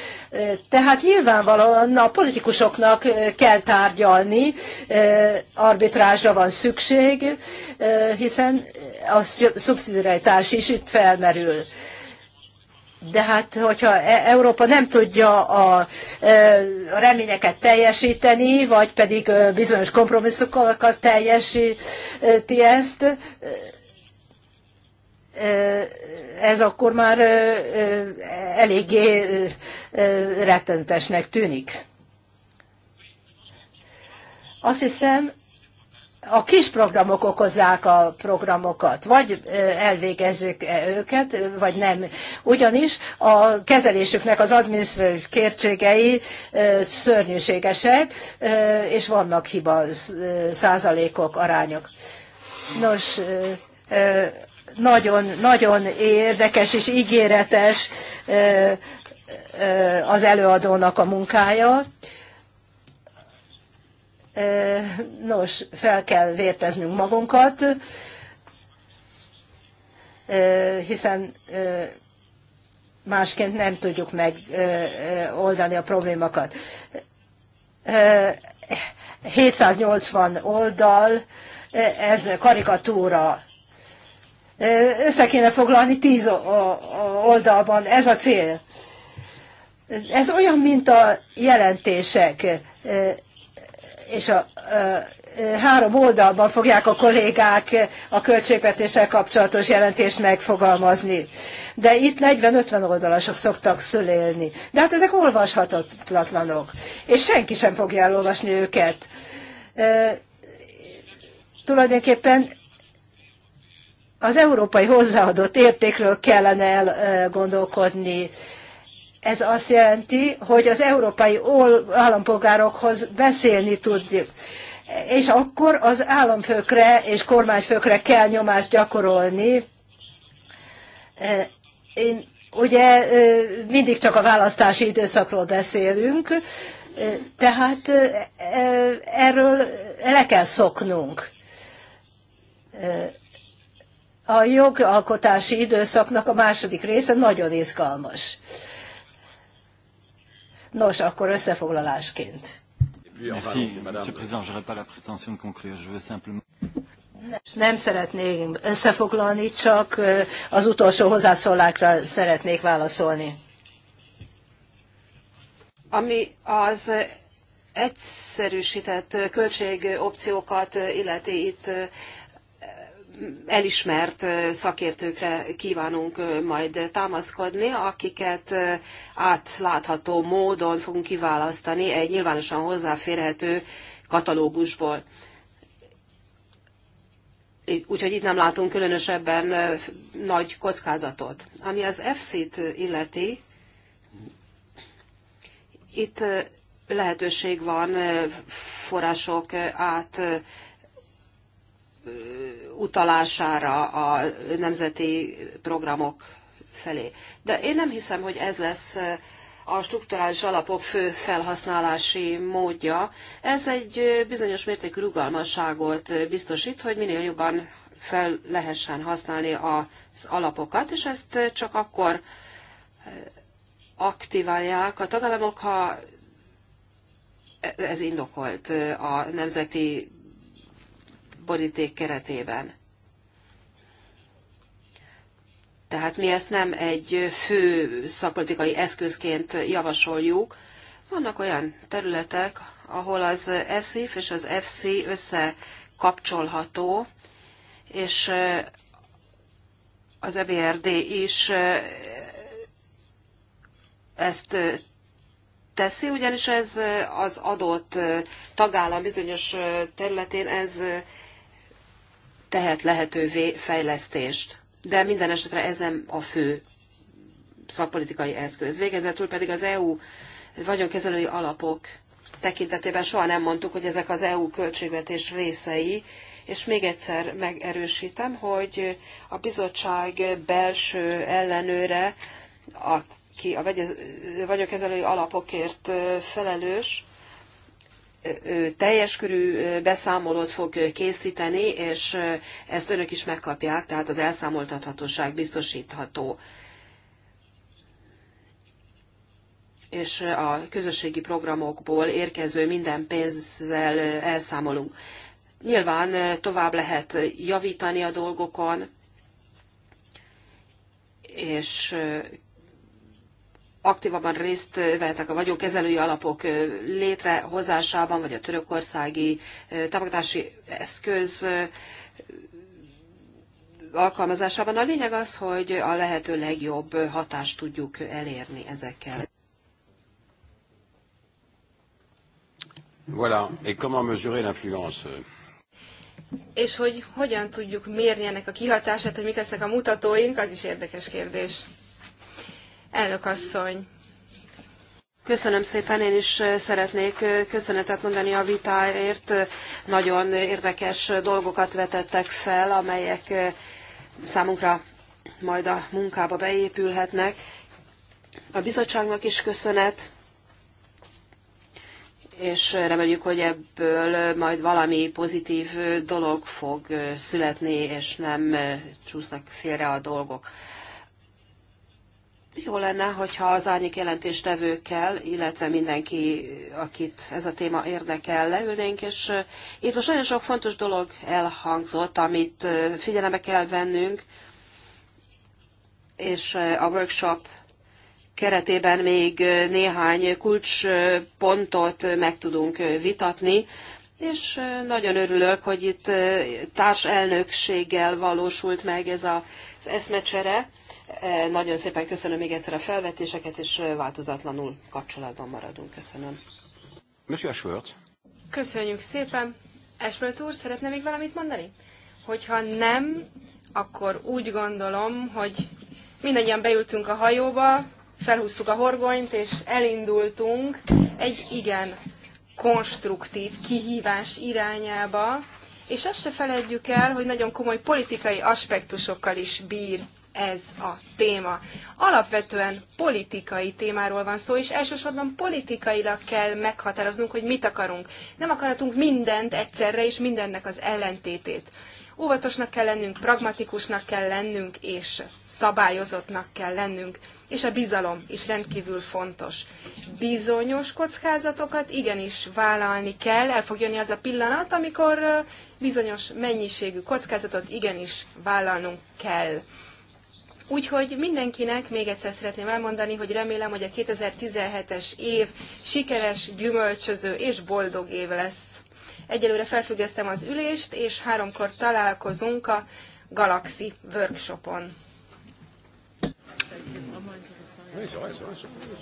tehát nyilvánvalóan a politikusoknak kell tárgyalni, arbitrázsra van szükség, hiszen a szubszidiaritás is itt felmerül. De hát, hogyha e-, Európa nem tudja a, a reményeket teljesíteni, vagy pedig bizonyos kompromisszokkal teljesíti ezt, ez akkor már eléggé rettentesnek tűnik. Azt hiszem, a kis programok okozzák a programokat, vagy elvégezzük -e őket, vagy nem. Ugyanis a kezelésüknek az adminisztratív kértségei szörnyűségesek, és vannak hiba százalékok, arányok. Nos, nagyon-nagyon érdekes és ígéretes az előadónak a munkája. Nos, fel kell vérteznünk magunkat, hiszen másként nem tudjuk megoldani a problémakat. 780 oldal, ez karikatúra össze kéne foglalni tíz oldalban, ez a cél. Ez olyan, mint a jelentések, és a három oldalban fogják a kollégák a költségvetéssel kapcsolatos jelentést megfogalmazni. De itt 40-50 oldalasok szoktak szülélni. De hát ezek olvashatatlanok, és senki sem fogja elolvasni őket. Tulajdonképpen az európai hozzáadott értékről kellene elgondolkodni. Ez azt jelenti, hogy az európai állampolgárokhoz beszélni tudjuk és akkor az államfőkre és kormányfőkre kell nyomást gyakorolni. Én ugye mindig csak a választási időszakról beszélünk, tehát erről le kell szoknunk a jogalkotási időszaknak a második része nagyon izgalmas. Nos, akkor összefoglalásként. Nem szeretnék összefoglalni, csak az utolsó hozzászólákra szeretnék válaszolni. Ami az egyszerűsített költségopciókat illeti itt elismert szakértőkre kívánunk majd támaszkodni, akiket átlátható módon fogunk kiválasztani egy nyilvánosan hozzáférhető katalógusból. Úgyhogy itt nem látunk különösebben nagy kockázatot. Ami az FC-t illeti, itt lehetőség van források át utalására a nemzeti programok felé. De én nem hiszem, hogy ez lesz eh, a strukturális alapok fő felhasználási módja. Ez egy eh, bizonyos mértékű rugalmasságot eh, biztosít, hogy minél jobban fel lehessen használni az alapokat, és ezt csak akkor aktiválják a tagállamok, ha ez indokolt a nemzeti boríték keretében. Tehát mi ezt nem egy fő szakpolitikai eszközként javasoljuk. Vannak olyan területek, ahol az ESIF és az FC összekapcsolható, és az EBRD is ezt teszi, ugyanis ez az adott tagállam bizonyos területén ez tehet lehetővé fejlesztést. De minden esetre ez nem a fő szakpolitikai eszköz. Végezetül pedig az EU vagyonkezelői alapok tekintetében soha nem mondtuk, hogy ezek az EU költségvetés részei, és még egyszer megerősítem, hogy a bizottság belső ellenőre, aki a vagyonkezelői alapokért felelős, teljes körű beszámolót fog készíteni, és ezt önök is megkapják, tehát az elszámoltathatóság biztosítható. és a közösségi programokból érkező minden pénzzel elszámolunk. Nyilván tovább lehet javítani a dolgokon, és aktívabban részt vehetek a vagyonkezelői alapok létrehozásában, vagy a törökországi támogatási eszköz alkalmazásában. A lényeg az, hogy a lehető legjobb hatást tudjuk elérni ezekkel. Voilà. Et comment mesurer l'influence És hogy hogyan tudjuk mérni ennek a kihatását, hogy mik lesznek a mutatóink, az is érdekes kérdés. Elnök asszony! Köszönöm szépen, én is eh, szeretnék eh, köszönetet mondani a vitáért. Nagyon érdekes dolgokat vetettek fel, amelyek eh, számunkra majd a munkába beépülhetnek. A bizottságnak is köszönet, és reméljük, hogy ebből majd valami pozitív dolog fog születni, és nem csúsznak félre a dolgok. Jó lenne, hogyha az árnyék jelentéstevőkkel, illetve mindenki, akit ez a téma érdekel, leülnénk, és itt most nagyon sok fontos dolog elhangzott, amit figyelembe kell vennünk, és a workshop keretében még néhány kulcspontot meg tudunk vitatni, és nagyon örülök, hogy itt társ elnökséggel valósult meg ez az eszmecsere. E, nagyon szépen köszönöm még egyszer a felvetéseket, és e, változatlanul kapcsolatban maradunk. Köszönöm. Monsieur Köszönjük szépen. Esmölt úr, szeretne még valamit mondani? Hogyha nem, akkor úgy gondolom, hogy mindannyian beültünk a hajóba, felhúztuk a horgonyt, és elindultunk egy igen konstruktív kihívás irányába, és azt se felejtjük el, hogy nagyon komoly politikai aspektusokkal is bír ez a téma. Alapvetően politikai témáról van szó, és elsősorban politikailag kell meghatároznunk, hogy mit akarunk. Nem akarhatunk mindent egyszerre, és mindennek az ellentétét. Óvatosnak kell lennünk, pragmatikusnak kell lennünk, és szabályozottnak kell lennünk. És a bizalom is rendkívül fontos. Bizonyos kockázatokat igenis vállalni kell, el fog jönni az a pillanat, amikor bizonyos mennyiségű kockázatot igenis vállalnunk kell Úgyhogy mindenkinek még egyszer szeretném elmondani, hogy remélem, hogy a 2017-es év sikeres, gyümölcsöző és boldog év lesz. Egyelőre felfüggesztem az ülést, és háromkor találkozunk a Galaxy workshopon.